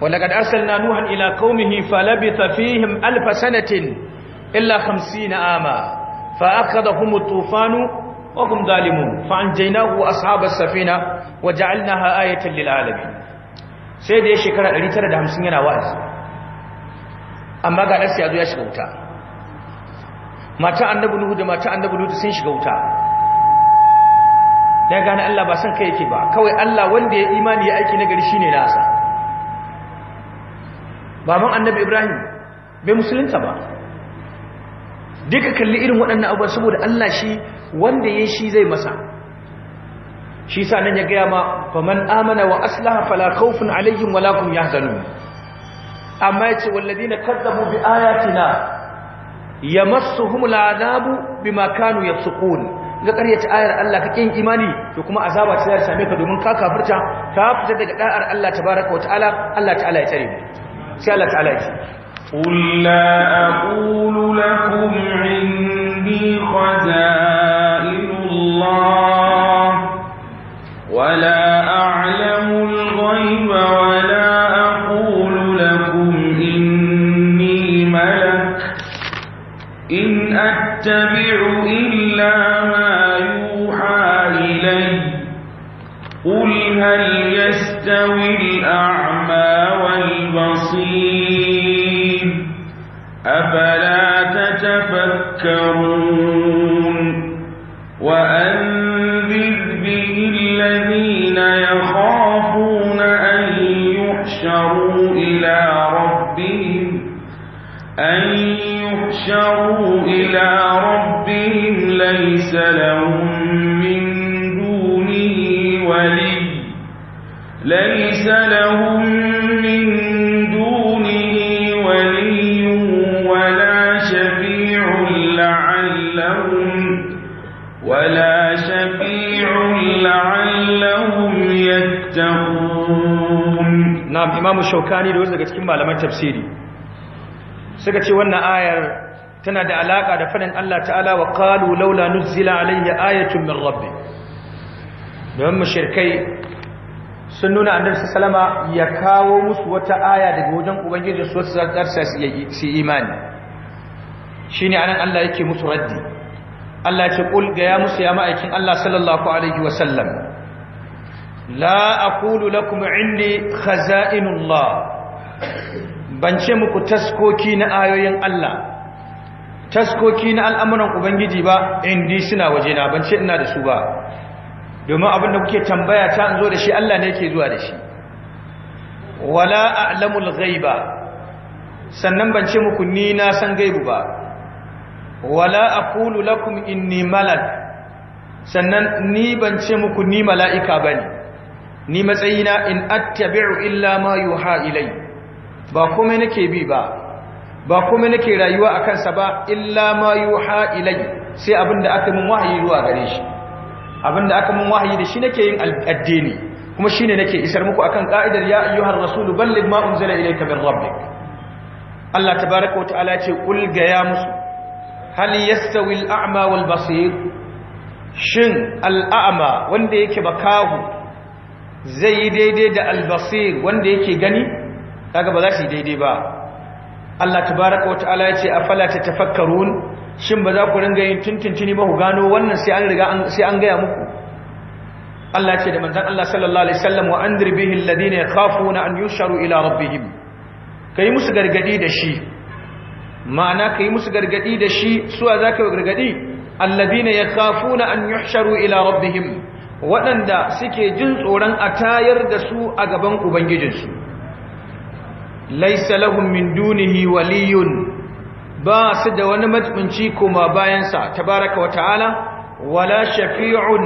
wanda ga ɗarsal na nuhan ila kaumihi falabi tafihim alfa sanatin illa hamsi na ama fa aka da kuma tufanu kuma dalimun fa an jaina ku sahabar safina waja'alnaha ayatan lil alamin sai da ya shekara 950 yana wa'azi amma ga ɗansa yazo ya shiga wuta mata annabi nuhu da mata annabi lutu sun shiga wuta da gane Allah ba san kai yake ba kawai Allah wanda ya imani ya aiki nagari shine nasa baban annabi ibrahim bai musulunta ba duka kalli irin waɗannan abubuwa saboda Allah shi wanda ya shi zai masa shi sa nan ya gaya ma faman amana wa aslaha fala khawfun alaihim wala hum yahzanun amma yace walladina kadzabu bi ayatina yamassuhumul adabu bima kanu yafsukun ga ƙaryace ayar Allah ka kin imani to kuma azaba ce za same ka domin ka kafirta ka fita daga da'ar Allah tabaraka wa Allah ta'ala ya tsare sai Allah ta'ala ya qul la aqulu lakum indi khaza imamu shaukani da wasu daga cikin malaman tafsiri suka ce wannan ayar tana da alaka da fadin Allah ta'ala wa qalu laula nuzila alayhi ayatun min rabbi don mushrikai sun nuna annabi sallama ya kawo musu wata aya daga wajen ubangiji su su zarsa su imani shine anan Allah yake musu raddi Allah ya ce kul ga ya musu ya ma'aikin Allah sallallahu alaihi wa sallam la aqulu lakum indi khaza'inullah ban ce muku taskoki na ayoyin Allah taskoki na al'amuran ubangiji ba indi suna waje na ban ce ina da su ba domin abin da kuke tambaya ta an zo da shi Allah ne yake zuwa da shi wala a'lamul ghaiba sannan ban ce muku ni na gaibu ba wala aqulu sannan ni ban ce muku ni mala'ika bane ni matsayina in attabi'u illa ma yuha ilai ba kuma nake bi ba ba kuma nake rayuwa a kansa ba illa ma yuha ilai sai abinda aka min wahayi zuwa gare shi abinda aka min wahayi da shi nake yin addini kuma shine nake isar muku akan ka'idar ya ayyuhar rasul balligh ma unzila ilayka min rabbik Allah tabaaraka wa ta'ala ce kul ga ya musu hal yastawi al a'ma wal basir shin al a'ma wanda yake bakahu zai yi daidai da albasir wanda yake gani kaga ba za su yi daidai ba Allah tabaraka wa ta'ala ya ce a afala tatafakkarun shin ba za ku ringa yin tuntuntuni ba ku gano wannan sai an riga sai an gaya muku Allah ce da manzon Allah sallallahu alaihi wasallam wa andir bihi alladhina yakhafuna an yusharu ila rabbihim kai musu gargadi da shi ma'ana kai musu gargadi da shi suwa zaka gargadi alladhina yakhafuna an yusharu ila rabbihim waɗanda suke jin tsoron a tayar da su a gaban ubangijinsu laisa lahun min dunihi waliyun ba su da wani matsunci kuma bayansa tabaraka wa ta'ala wala shafi'un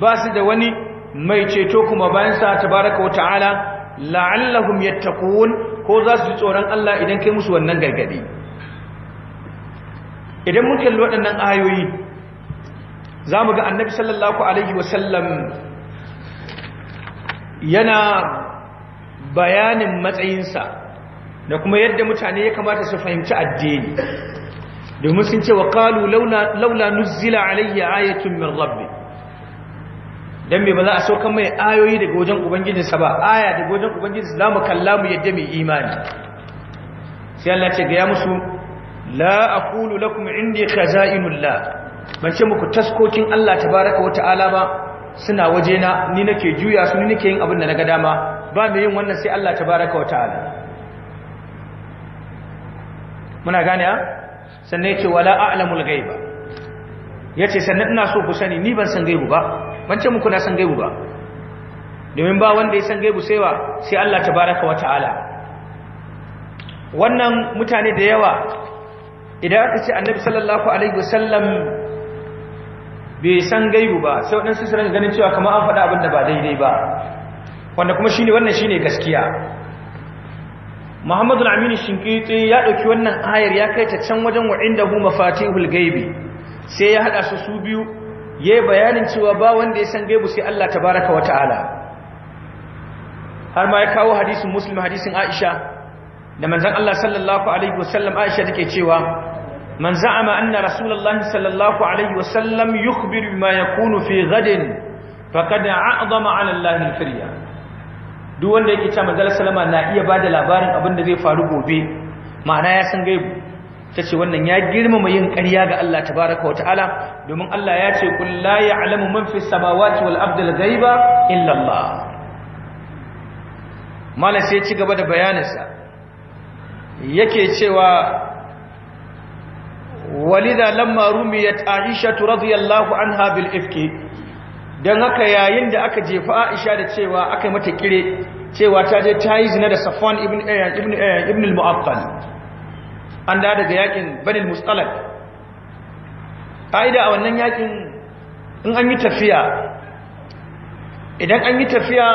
ba su da wani mai ceto kuma bayansa tabaraka wa ta'ala la'allahum ko za su ji tsoron Allah idan kai musu wannan gargadi idan mun kalli waɗannan ayoyi za mu ga annabi sallallahu alaihi wasallam yana bayanin matsayinsa da kuma yadda mutane ya kamata su fahimci addini domin sun ce wa kalu laula nuzzila alayya ayatun min rabbi dan me ba za a saukan mai ayoyi daga wajen sa ba aya daga wajen ubangiji za mu kalla mu yadda mai imani sai Allah ce ga ya musu la aqulu lakum indi khaza'inullah ban ce muku taskokin Allah tabaraka wa ta'ala ba suna wajena ni nake juya su ni nake yin abin da ga dama ba mai yin wannan sai Allah tabaraka wa ta'ala muna gane a sannan yake wala a'lamul ghaiba yace sannan ina so ku sani ni ban san gaibu ba ban ce muku na san gaibu ba domin ba wanda ya san gaibu sai wa sai Allah tabaraka wa ta'ala wannan mutane da yawa idan aka ce annabi sallallahu alaihi wasallam bai san gaibu ba sai waɗansu su ranga ganin cewa kamar an faɗa abin da ba daidai ba wanda kuma shine wannan shine gaskiya Muhammadu Aminu Shinkiti ya ɗauki wannan ayar ya kai ta can wajen wa'inda hu mafatihul gaibi sai ya haɗa su su biyu ya yi bayanin cewa ba wanda ya san gaibu sai Allah ta baraka wa ta'ala har ma ya kawo hadisin Muslim hadisin Aisha da manzon Allah sallallahu alaihi wasallam Aisha take cewa من زعم أن رسول الله صلى الله عليه وسلم يخبر بما يكون في غد فقد أعظم على الله الفرية duk wanda yake cewa manzala salama na iya ba da labarin abin da zai faru gobe ma'ana ya san gaibu ta ce wannan ya girmama yin ƙarya ga Allah tabaraka wata'ala domin Allah ya ce kun la alamu man fi samawati wal ardi al ghaiba illa Allah Malam sai ya ci gaba da bayaninsa yake cewa walidha lamma rumiyat aisha radiyallahu anha bil ifki dan haka yayin da aka jefa aisha da cewa aka mata kire cewa ta je ta yi zina da safwan ibn eh, ibn eh, ibn al-mu'attal an da daga yakin bani al-mustalaq kaida a wannan yakin in an yi tafiya idan an yi tafiya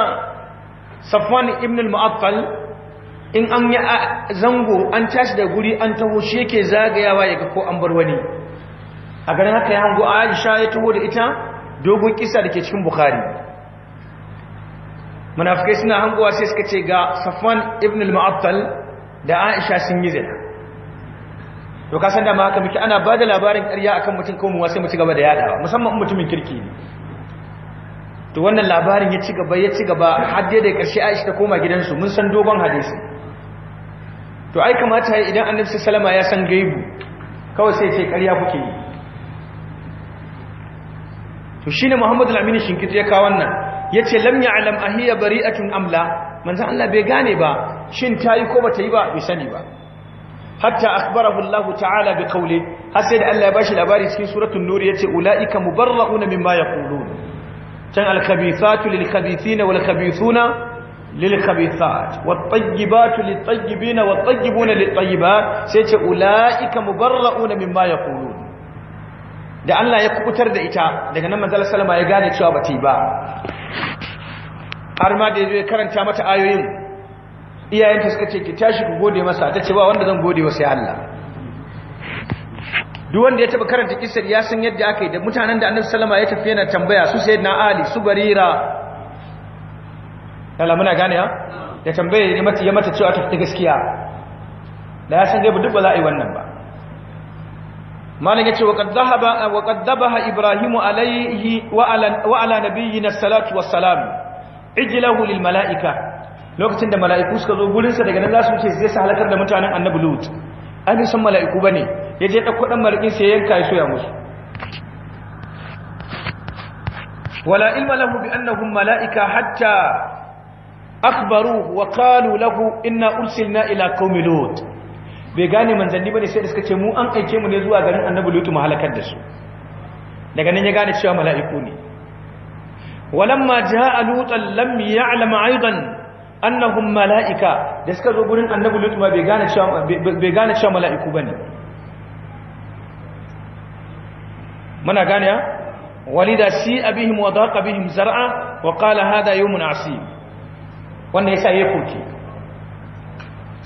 safwan ibn al-mu'attal in an yi zango an tashi da guri an taho shi yake zagayawa ya ga ko an bar wani a ganin haka ya hango aisha ya taho da ita dogon kisa da ke cikin bukhari munafikai suna hangowa sai suka ce ga safwan ibn al muattal da aisha sun yi zina to ka san da ma haka muke ana ba da labarin ƙarya akan mutum kawai sai mu ci gaba da yadawa musamman mutumin kirki ne to wannan labarin ya ci gaba ya ci gaba har dai da karshe aisha ta koma gidansu mun san dogon hadisi to ai kamata idan annabi sallama ya san gaibu kawai sai sai ƙarya kuke yi to shine Muhammad al-Amin Shinkiti ya kawo wannan yace lam ya'lam ahiya bari'atun amla manzon Allah bai gane ba shin tayi ko bata yi ba bai sani ba hatta akhbarahu Allah ta'ala bi qawli har sai da Allah ya bashi labari cikin suratul nur yace ulaika mubarra'una mimma yaqulun tan al-khabithatu lil-khabithina wal-khabithuna للخبيثات والطيبات للطيبين والطيبون للطيبات سيتي اولئك مبرؤون مما يقولون da Allah ya kubutar da ita daga nan manzala salama ya gane cewa bata ba har ma da ya karanta mata ayoyin iyayenta suka ce ki tashi ku gode masa ta ce ba wanda zan gode wa sai Allah duk wanda ya taba karanta ƙisar ya san yadda aka yi da mutanen da annabi sallama ya tafi yana tambaya su sayyidina ali su barira tala muna gane ha da tambaye ya mata ya mata cewa ta gaskiya da ya san gaibu duk ba za a yi wannan ba malin ya ce wa kaddabaha ibrahimu alaihi wa ala nabiyyina salatu wassalam ijlahu lil mala'ika lokacin da mala'iku suka zo gurin sa daga nan zasu wuce zai sa halakar da mutanen annabi lut an san mala'iku bane yaje dauko dan malakin sai yanka ya soya musu wala ilma lahu bi annahum mala'ika hatta akhbaruhu wa qalu lahu inna ursilna ila qaumi lut bai gane manzanni bane sai da suka ce mu an aike mu ne zuwa garin annabi lutu mu halakar da su daga nan ya gane cewa mala'iku ne walamma jaa lutan lam ya'lam aidan annahum mala'ika da suka zo gurin annabi lutu ma bai gane cewa bai gane cewa mala'iku bane muna gane ya walida si abihim wa daqa bihim zar'a wa qala hada yawmun asib wannan yasa ya koke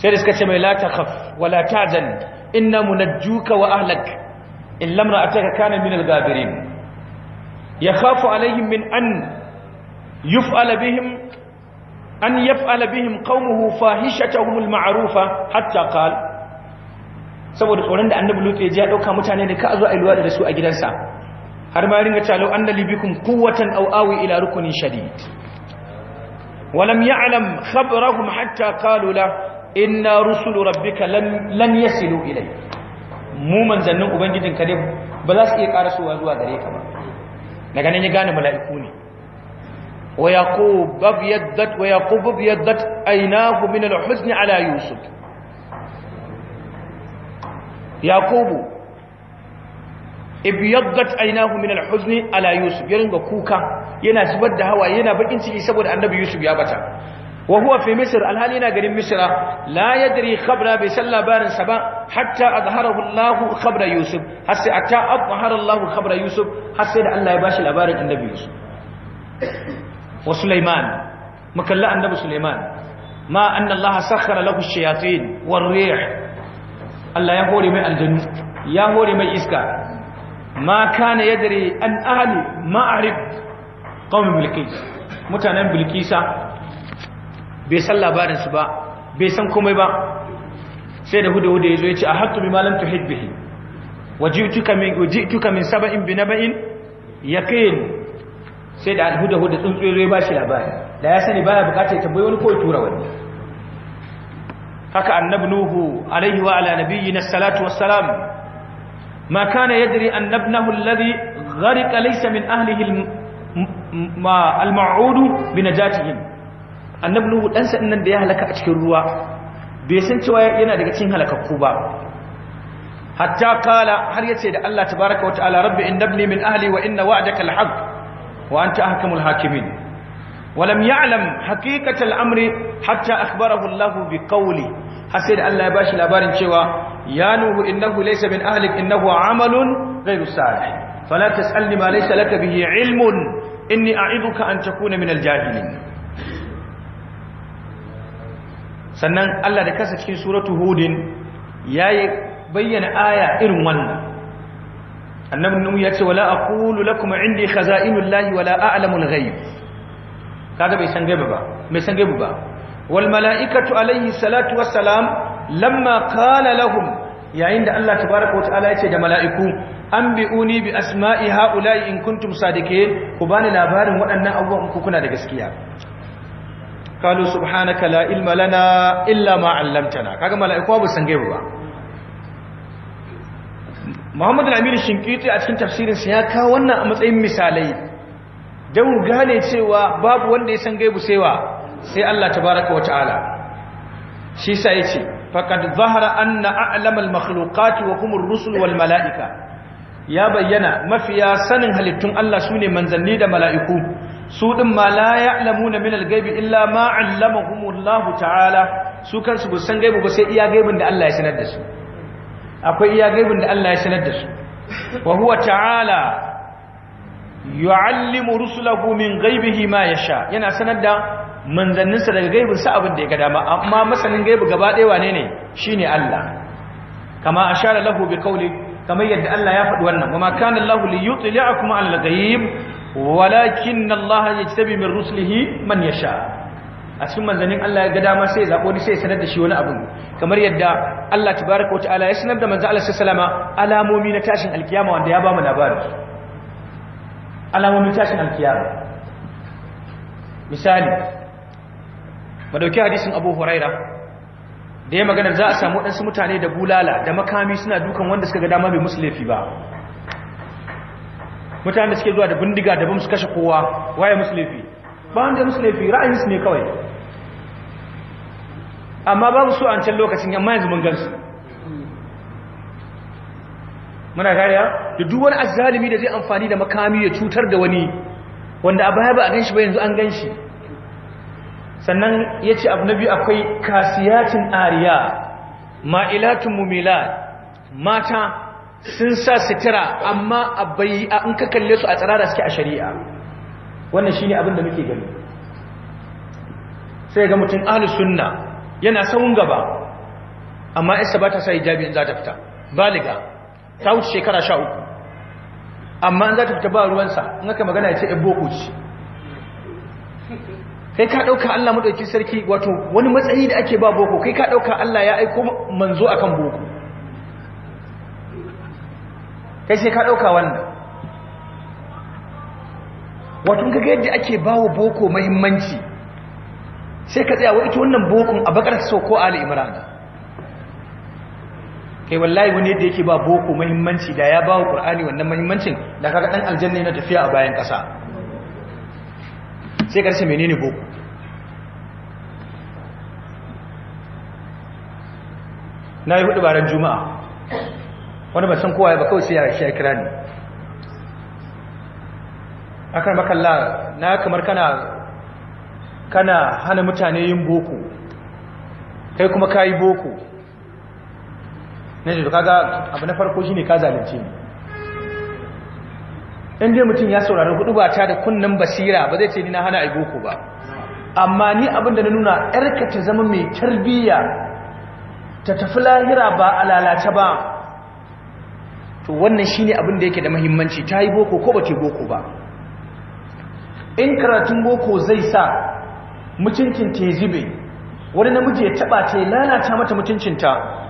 sai da suka ce mai la takhaf wala la tahzan inna munajjuka wa ahlak illa imra'ataka kana min al-ghabirin yakhafu alaihim min an yuf'ala bihim an yaf'ala bihim qaumuhu fahishatahum al-ma'rufa hatta qala saboda tsoron da annabi lutu ya ji ya dauka mutane ne ka zo a yi da su a gidansa har ma ringa calo an da libikun kuwatan au awi ila rukunin shadid ولم يعلم خبرهم حتى قالوا له إنا رسل ربك لن, لن يسلوا إليه mu manzannin ubangijinka ne ba za su iya karasowa zuwa gare ka ba daga nan ya gane mala'iku ne wa yaqub abyaddat wa yaqub abyaddat aynahu min al-huzn ala yusuf yaqubu ibiyaddat ainahu min alhuzni ala yusuf ya ringa kuka yana zubar da hawa yana bakin ciki saboda annabi yusuf ya bata wa huwa fi misr alhali na garin misra la yadri khabra bi sallabarin sa ba hatta azharahu allah khabra yusuf har sai ata azhara allah khabra yusuf har da allah ya bashi labarin annabi yusuf wa sulaiman makalla annabi sulaiman ma anna allah sakhara lahu shayatin war-rih allah ya hore mai aljanu ya hore mai iska ma kana yadri an ahli ma'arib qawm bilqis mutanen bilqisa bai san labarin su ba bai san komai ba sai da hudu hudu yazo yace ahattu bima lam tuhid bihi wajituka min wajituka min sab'in bi nab'in yaqin sai da hudu hudu tsuntsuye zai ba shi labari da ya sani baya bukatar tambayi wani ko tura wani haka annabi nuhu alaihi wa ala nabiyyi na salatu wassalam ma kana yajri an nabnahu alladhi gharqa laysa min ahlihi al-ma'ud bi najatihim annabi nuhu dan sa nan da ya halaka a cikin ruwa bai san cewa yana daga cikin halakakku ba hatta qala har yace da Allah tabaaraka wa ta'ala rabbi innabni min ahli wa inna wa'daka al-haq wa anta ahkamul hakimin ولم يعلم حقيقة الأمر حتى أخبره الله بقوله حسير الله يباشي لابارن شوى ya nuhu innahu laysa min ahlik innahu amalun ghayru salih fala tasalni ma laysa laka bihi ilmun inni a'iduka an takuna min aljahilin sannan Allah da kasa cikin suratu hudin yayi bayyana aya irin wannan annabi nuhu yace wala aqulu lakum indi khaza'inullahi wala a'lamul ghaib kaga bai san gaba ba Mai san gaba ba wal mala'ikatu alayhi salatu wassalam lamma kala lahum yayin da Allah tabaraka wataala ce da mala'iku an bi'uni bi asma'i ha'ula'i in kuntum sadike ku bani labarin waɗannan abubuwan ku kuna da gaskiya kalu subhanaka la ilma lana illa ma 'allamtana kaga mala'iku ba san gaibu ba Muhammad al-Amir Shinkiti a cikin tafsirin sa ya kawo wannan a matsayin misalai dan gane cewa babu wanda ya san gaibu sai wa sai Allah tabaraka wataala shi sa yace Fakat zahara anna a'lamal makhluqati wa humur rusul wal mala'ika ya bayyana mafiya sanin halittun Allah sune manzanni da mala'iku su din ma la ya'lamuna min al illa ma 'allamahumullahu ta'ala su kansu ba san gaibu ba sai iya gaibin da Allah ya sanar su akwai iya gaibin da Allah ya sanar su ta'ala yu'allimu rusulahu min ghaibihi ma yasha yana sanar da manzanninsa daga gaibin sa abin da ya ga dama amma masanin gaibi gaba ɗaya wane ne shine Allah kama ashara lahu bi qawli kamar yadda Allah ya faɗi wannan kuma ma kana Allahu li yutli'akum 'ala al-ghaib walakin Allah yajtabi min rusulihi man yasha a cikin manzannin Allah ya ga dama sai zaɓo ni sai sanar da shi wani abu kamar yadda Allah tabaraka wa ta'ala ya sanar da manzo Allah sallallahu alaihi wasallama alamomi na tashin alkiyama wanda ya ba mu labari alamomin tashin alkiyar misali ba dauki hadisin abu huraira da ya magana za a samu waɗansu mutane da bulala da makami suna dukan wanda suka ga dama bai musu laifi ba mutane da suke zuwa da bindiga da su kashe kowa waye musu laifi ba wanda musu laifi ra'ayinsu ne kawai amma babu su an can lokacin yamma yanzu mun gansu muna gariya da duk wani azzalimi da zai amfani da makami ya cutar da wani wanda a baya ba a ganshi ba yanzu an ganshi sannan ya ce abu na biyu akwai kasiyatin ariya ma'ilatun mumila mata sun sa sitira amma a bayi a in ka kalle su a tsirara suke a shari'a wannan shi ne abin da muke gani sai ga mutum ahalus sunna yana saun gaba amma isa ba ta sa hijabi in za ta fita baliga ta wuce shekara sha uku amma an za ta fita ba ruwansa in aka magana ya ce yan boko ce kai ka ɗauka Allah maɗauki sarki wato wani matsayi da ake ba boko kai ka ɗauka Allah ya aiko manzo akan boko kai sai ka ɗauka wannan wato ka ga yadda ake ba wa boko mahimmanci sai ka tsaya wa ita wannan bokon a bakar sauko ko ali imran kai wallahi wani yadda yake ba boko muhimmanci da ya bawa wa qur'ani wannan muhimmancin da kaga dan aljanna yana tafiya a bayan kasa sai karshe menene boko na yi hudu baran juma'a wani ba san kowa ya ba kawai sai ya shi kira ni akan makalla na kamar kana kana hana mutane yin boko kai kuma kayi boko ne da kaga abu na farko shine ka zalunce ni inda mutum ya saurari hudu ba ta da kunnan basira ba zai ce ni na hana ayi boko ba amma ni abin da na nuna yarka ta zama mai tarbiyya ta tafi lahira ba a lalace ba to wannan shine abin da yake da mahimmanci ta yi boko ko ba ta boko ba in karatun boko zai sa mutuncin ta zube wani namiji ya taba ta lalata mata mutuncinta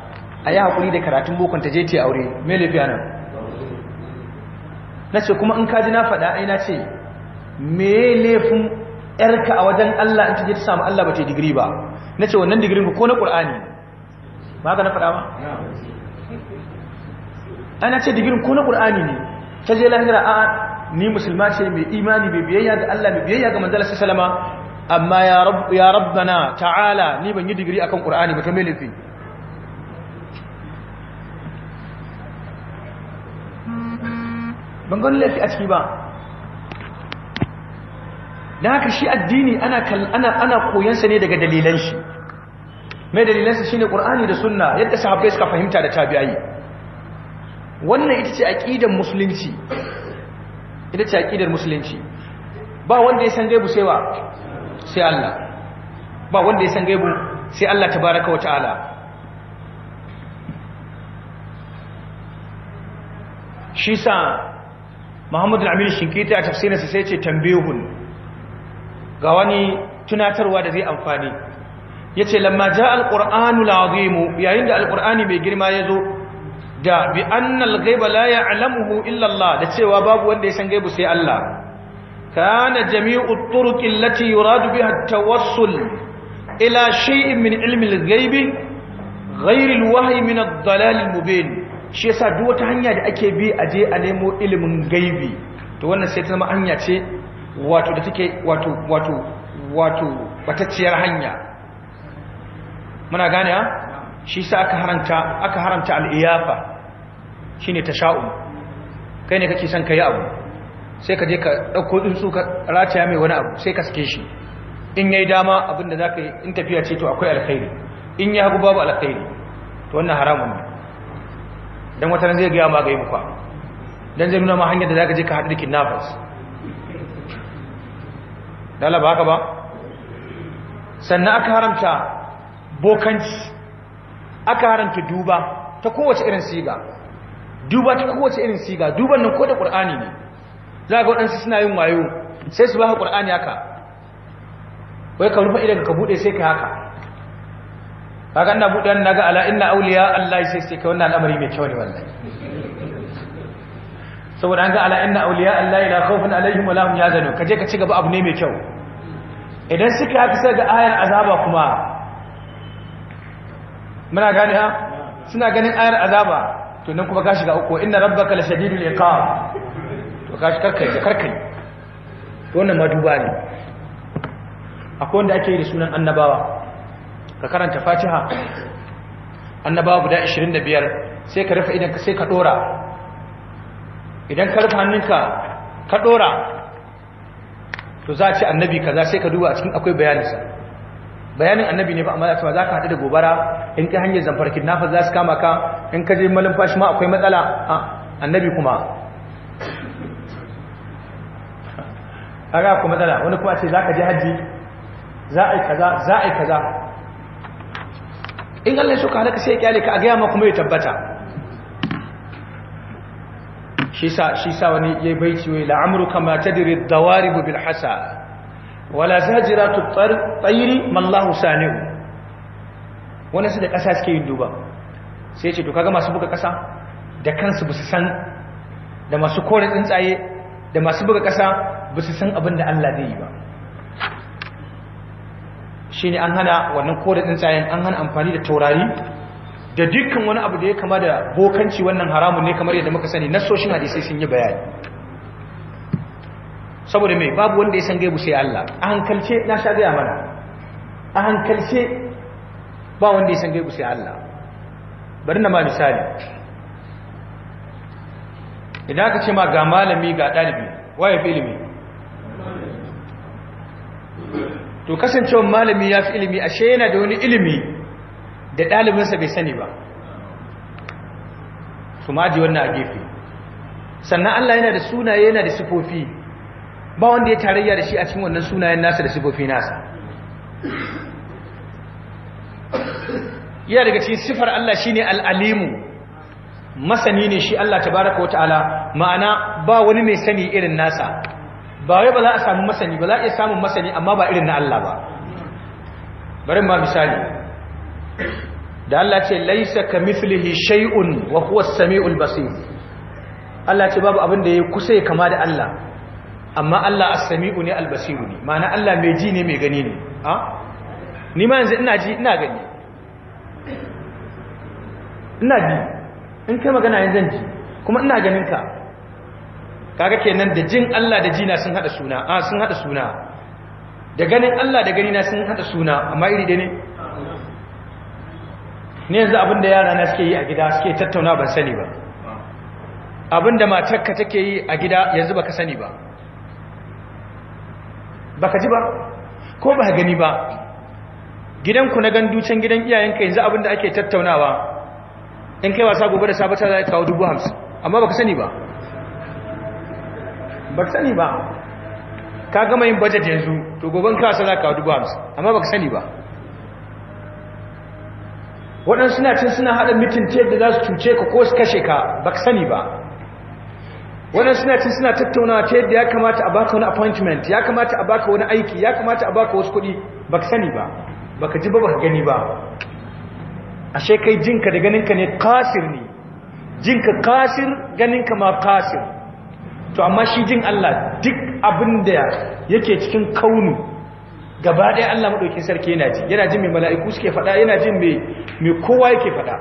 a yi haƙuri da karatun bokon ta je ta aure mai laifiya nan na ce kuma in kaji na faɗa ai na ce me laifin yarka a wajen Allah in ta je ta samu Allah ba ta digiri ba na ce wannan digirin ko na ƙur'ani ba ka na faɗa ba na ce digirin ko na ƙur'ani ne ta je lahira a ni musulma ce mai imani mai biyayya ga Allah mai biyayya ga manzala sallama amma ya rabbana ta'ala ni ban yi digiri akan ƙur'ani ba ta mai laifin ban ga laifi a ciki ba da haka shi addini ana koyansa ne daga dalilan shi mai dalilansa shi ne ƙur'ani da sunna yadda sahabbai suka fahimta da tabi'ai wannan ita ce aƙidar musulunci ita ce aƙidar musulunci ba wanda ya san gaibu sai wa sai Allah ba wanda ya san gaibu sai Allah baraka wa ta'ala shi sa Muhammad al-Amin Shinkiti a tafsirinsa sai ce tambihun ga wani tunatarwa da zai amfani yace lamma ja al-Qur'anu al yayin da al-Qur'ani mai girma ya zo. da bi annal ghaiba la ya'lamuhu illa Allah da cewa babu wanda ya san gaiba sai Allah kana jami'u at-turuq allati yuradu biha at-tawassul ila shay'in min ilmi al-ghaibi ghayr al-wahyi min ad-dalal al-mubin shi yasa duk wata hanya da ake bi a je a nemo ilimin gaibi to wannan sai ta zama hanya ce wato da take wato wato wato batacciyar hanya muna gane ha shi sa aka haranta aka haranta al-iyafa shine tasha'um kai ne kake son kai abu sai ka je ka dauko su ka rataya mai wani abu sai ka sake shi in yayi dama abinda zaka yi in tafiya ce to akwai alkhairi in ya hagu babu alkhairi to wannan haramun ne don wata zai gaya ma ga yi muka don zai nuna ma hanyar da za ka je ka haɗu da kidnappers dala ba haka ba sannan aka haramta bokanci aka haramta duba ta kowace irin siga duba ta kowace irin siga duban nan ko da ƙur'ani ne za ga waɗansu suna yin wayo sai su ba ka ƙur'ani haka wai ka rufe idan ka buɗe sai ka haka kaga ina buɗe na naga ala inna auliya Allah sai sai kai wannan al'amari mai kyau ne wallahi saboda an ga ala inna auliya Allah la khawfun alaihim wala hum yahzanun kaje ka ci gaba abu ne mai kyau idan suka haka sai ga ayar azaba kuma muna gane ha suna ganin ayar azaba to nan kuma ka shiga uku inna rabbaka la shadidul iqab to ka shi karkai da karkai to wannan maduba ne akwai wanda ake yi da sunan annabawa ka karanta fatiha annabawa guda 25 sai ka rufe idan ka sai ka dora idan ka rufe hannunka ka dora to za a ce annabi kaza sai ka duba a cikin akwai bayaninsa bayanin annabi ne ba amma za za ka haɗu da gobara in kai hanyar zamfar kidnapper za su kama ka in ka je malin fashi ma akwai matsala a ah, annabi kuma kaga akwai matsala wani kuma ce za ka je hajji za a yi kaza za a yi kaza in Allah suka so ka sai ya kyale ka a gaya ma kuma ya tabbata shi sa shi sa wani baiti wai la'amruka ma tadri dawari dawarib bil hasa wala jira tuttar tsayiri mallahu sani'u Wani su da kasa suke yin duba sai ce to ga masu buga kasa da kansu su san da masu kore tsuntsaye da masu buga kasa su san abin da Allah zai yi ba ne an hana wannan kore tsayen an hana amfani da taurari da dukkan wani abu da ya kama da bokanci wannan haramun ne kamar yadda muka sani nasoshin hadisai sun yi bayani saboda mai babu wanda ya san gaibu sai Allah a hankalce na sha gaya mana a hankalce ba wanda ya san gaibu sai Allah bari na ma misali idan aka ce ma ga malami ga ɗalibi waye ilimi to kasancewar malami ya fi ilimi ashe yana da wani ilimi da ɗalibinsa bai sani ba su maji wannan a gefe sannan Allah yana da sunaye yana da sifofi ba wanda ya tarayya da shi a cikin wannan sunayen nasa da sifofi nasa yana daga cikin sifar Allah shi ne al'alimu masani ne shi Allah ta baraka wata ala ma'ana ba wani mai sani irin nasa ba wai ba za a samu masani ba za a iya samun masani amma ba irin na Allah ba bari ba misali da Allah ce laisa kamithlihi shay'un wa huwa as-sami'ul basir Allah ce babu abin da ya kusa ya kama da Allah amma Allah as-sami'u ne al-basir ne ma'ana Allah mai ji ne mai gani ne a ni ma yanzu ina ji ina gani ina ji in kai magana yanzu ji kuma ina ganin ka kaga kenan da jin Allah da jina sun hada suna a ah, sun hada suna da ganin Allah da ganina sun hada suna amma iri da ne ne yanzu abinda yara na suke yi a gida suke tattauna ban sani ba abinda matarka take yi a gida yanzu baka sani ba baka ji ba ko ba gani ba gidanku na ganducin gidan iyayenka yanzu abinda ake tattaunawa in kai wasa gobe da sabata za ka kawo dubu hamsin amma baka sani ba ba sani ba ka gama yin budget yanzu to gobe ka za ka dubu hamsin amma ba sani ba waɗansu suna cin suna haɗa mitin ta yadda za su cuce ka ko su kashe ka ba sani ba waɗansu suna cin suna tattaunawa ta yadda ya kamata a baka wani appointment ya kamata a baka wani aiki ya kamata a baka wasu kuɗi ba sani ba ba ka ji ba ba ka gani ba ashe kai jinka da ganin ka ne kasir ne jinka kasir ganin ka ma kasir to amma shi jin Allah duk abin da yake cikin kaunu gaba ɗaya Allah maɗauki sarki yana ji yana jin mai mala'iku suke faɗa yana jin mai kowa yake faɗa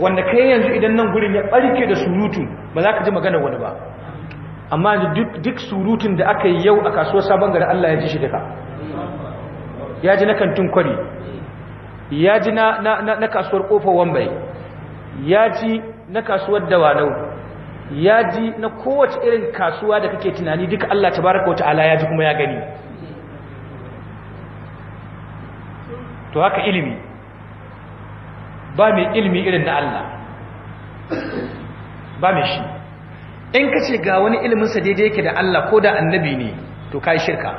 wanda kai yanzu idan nan gurin ya ɓarke da surutu ba za ka ji magana wani ba amma duk surutun da aka yi yau a kasuwar sabon gari Allah ya ji shi duka ya ji na kantin kwari ya ji na kasuwar Kofar wambai ya ji na kasuwar dawanau ya ji na kowace irin kasuwa da kake tunani duka Allah tabaraka wa ta'ala ya ji kuma ya gani to haka ilimi ba mai ilimi irin na Allah ba mai shi in ka ce ga wani iliminsa daidai yake da Allah ko da annabi ne to ka yi shirka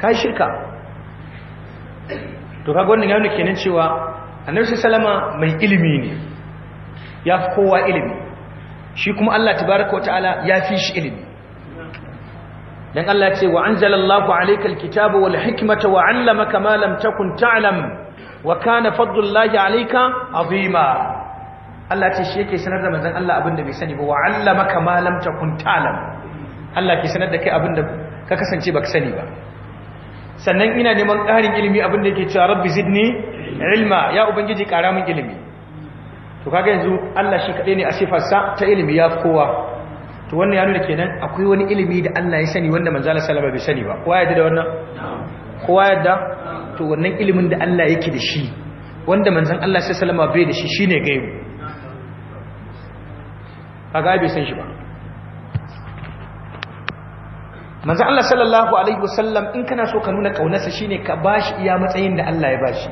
ka yi shirka to kaga wannan yawon kenan cewa annabi salama mai ilimi ne ya fi kowa ilimi shi kuma Allah tabaraka wa ta'ala ya fi shi ilimi dan Allah ce wa anzalallahu alaykal kitaba wal hikmata wa 'allamaka ma lam takun ta'lam wa kana fadlullahi alayka azima Allah ce shi yake sanar da manzon Allah abinda bai sani ba wa 'allamaka ma lam takun ta'lam Allah ke sanar da kai abinda ka kasance baka sani ba sannan ina neman ƙarin ilimi abinda yake cewa rabbi zidni ilma ya ubangiji ƙara min ilimi to kaga yanzu Allah shi kadai ne a sifarsa ta ilimi ya kowa to wannan ya nuna kenan akwai wani ilimi da Allah ya sani wanda manzo Allah sallama bai sani ba kowa yadda da wannan kowa yadda to wannan ilimin da Allah yake da shi wanda manzon Allah salama bai da shi shine gaibu kaga bai san shi ba manzon Allah sallallahu alaihi wasallam in kana so ka nuna kaunarsa shine ka bashi iya matsayin da Allah ya bashi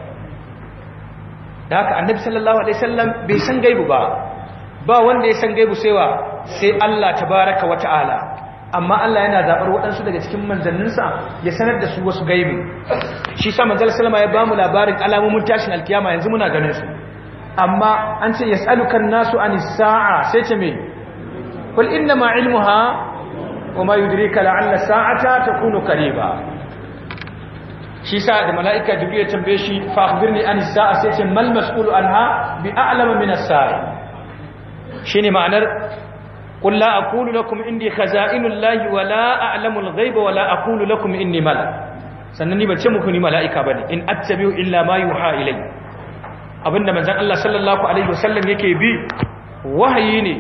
da haka annabi sallallahu alaihi wasallam bai san gaibu ba ba wanda ya san gaibu sai sai Allah baraka wa ta'ala amma Allah yana zabar waɗansu daga cikin manzanninsa ya sanar da su wasu gaibi shi sa manzal sallama ya bamu labarin alamomin tashin alkiyama yanzu muna ganin su amma an ce yas'alukan nasu anis sa'a sai ce me kul inna ma ilmuha wa ma yudrika la'alla sa'ata takunu qariba shi sa da mala'ika duk ya tambaye shi fa akhbirni an sa'a sai ce mal mas'ulu anha bi alama min as-sa'i shine ma'anar qul la aqulu lakum indi khaza'inullahi wa la a'lamu al-ghaiba wa la aqulu lakum inni malak sannan ni ban ce muku ni mala'ika bane in attabi'u illa ma yuha ilayya abinda manzon Allah sallallahu alaihi wasallam yake bi wahayi ne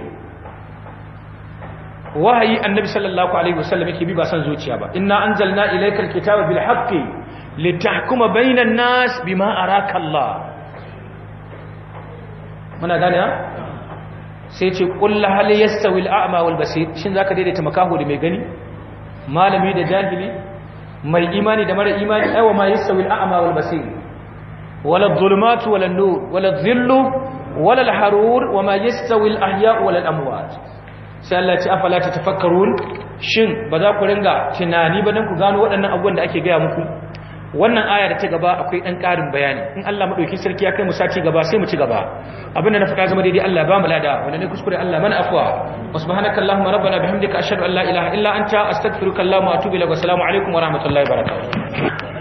wahayi annabi sallallahu alaihi wasallam yake bi ba san zuciya ba inna anzalna ilaykal kitaba bil haqqi litahkuma bainan nas bima araka Allah muna gane ha sai ce kullu hal yastawi al-a'ma wal basir shin zaka daidaita makaho da mai gani malami da jahili mai imani da mara imani aiwa ma yastawi al-a'ma wal basir wala adh-dhulumat wala an-nur wala adh-dhillu wala al-harur wama yastawi al-ahya wala al-amwat sai Allah ya ce afala tatafakkarun shin ba za ku ringa tunani ba dan ku gano waɗannan abubuwan da ake gaya muku wannan aya da ta gaba akwai ɗan ƙarin bayani in Allah maɗauki sarki ya kai mu sati gaba sai mu ci gaba abin da na faɗa zama daidai Allah ba mu lada wanda ne kuskure Allah mana afwa wa subhanaka allahumma rabbana bihamdika ashhadu an la ilaha illa anta astaghfiruka mu atubu ilaik wa alaikum wa rahmatullahi wa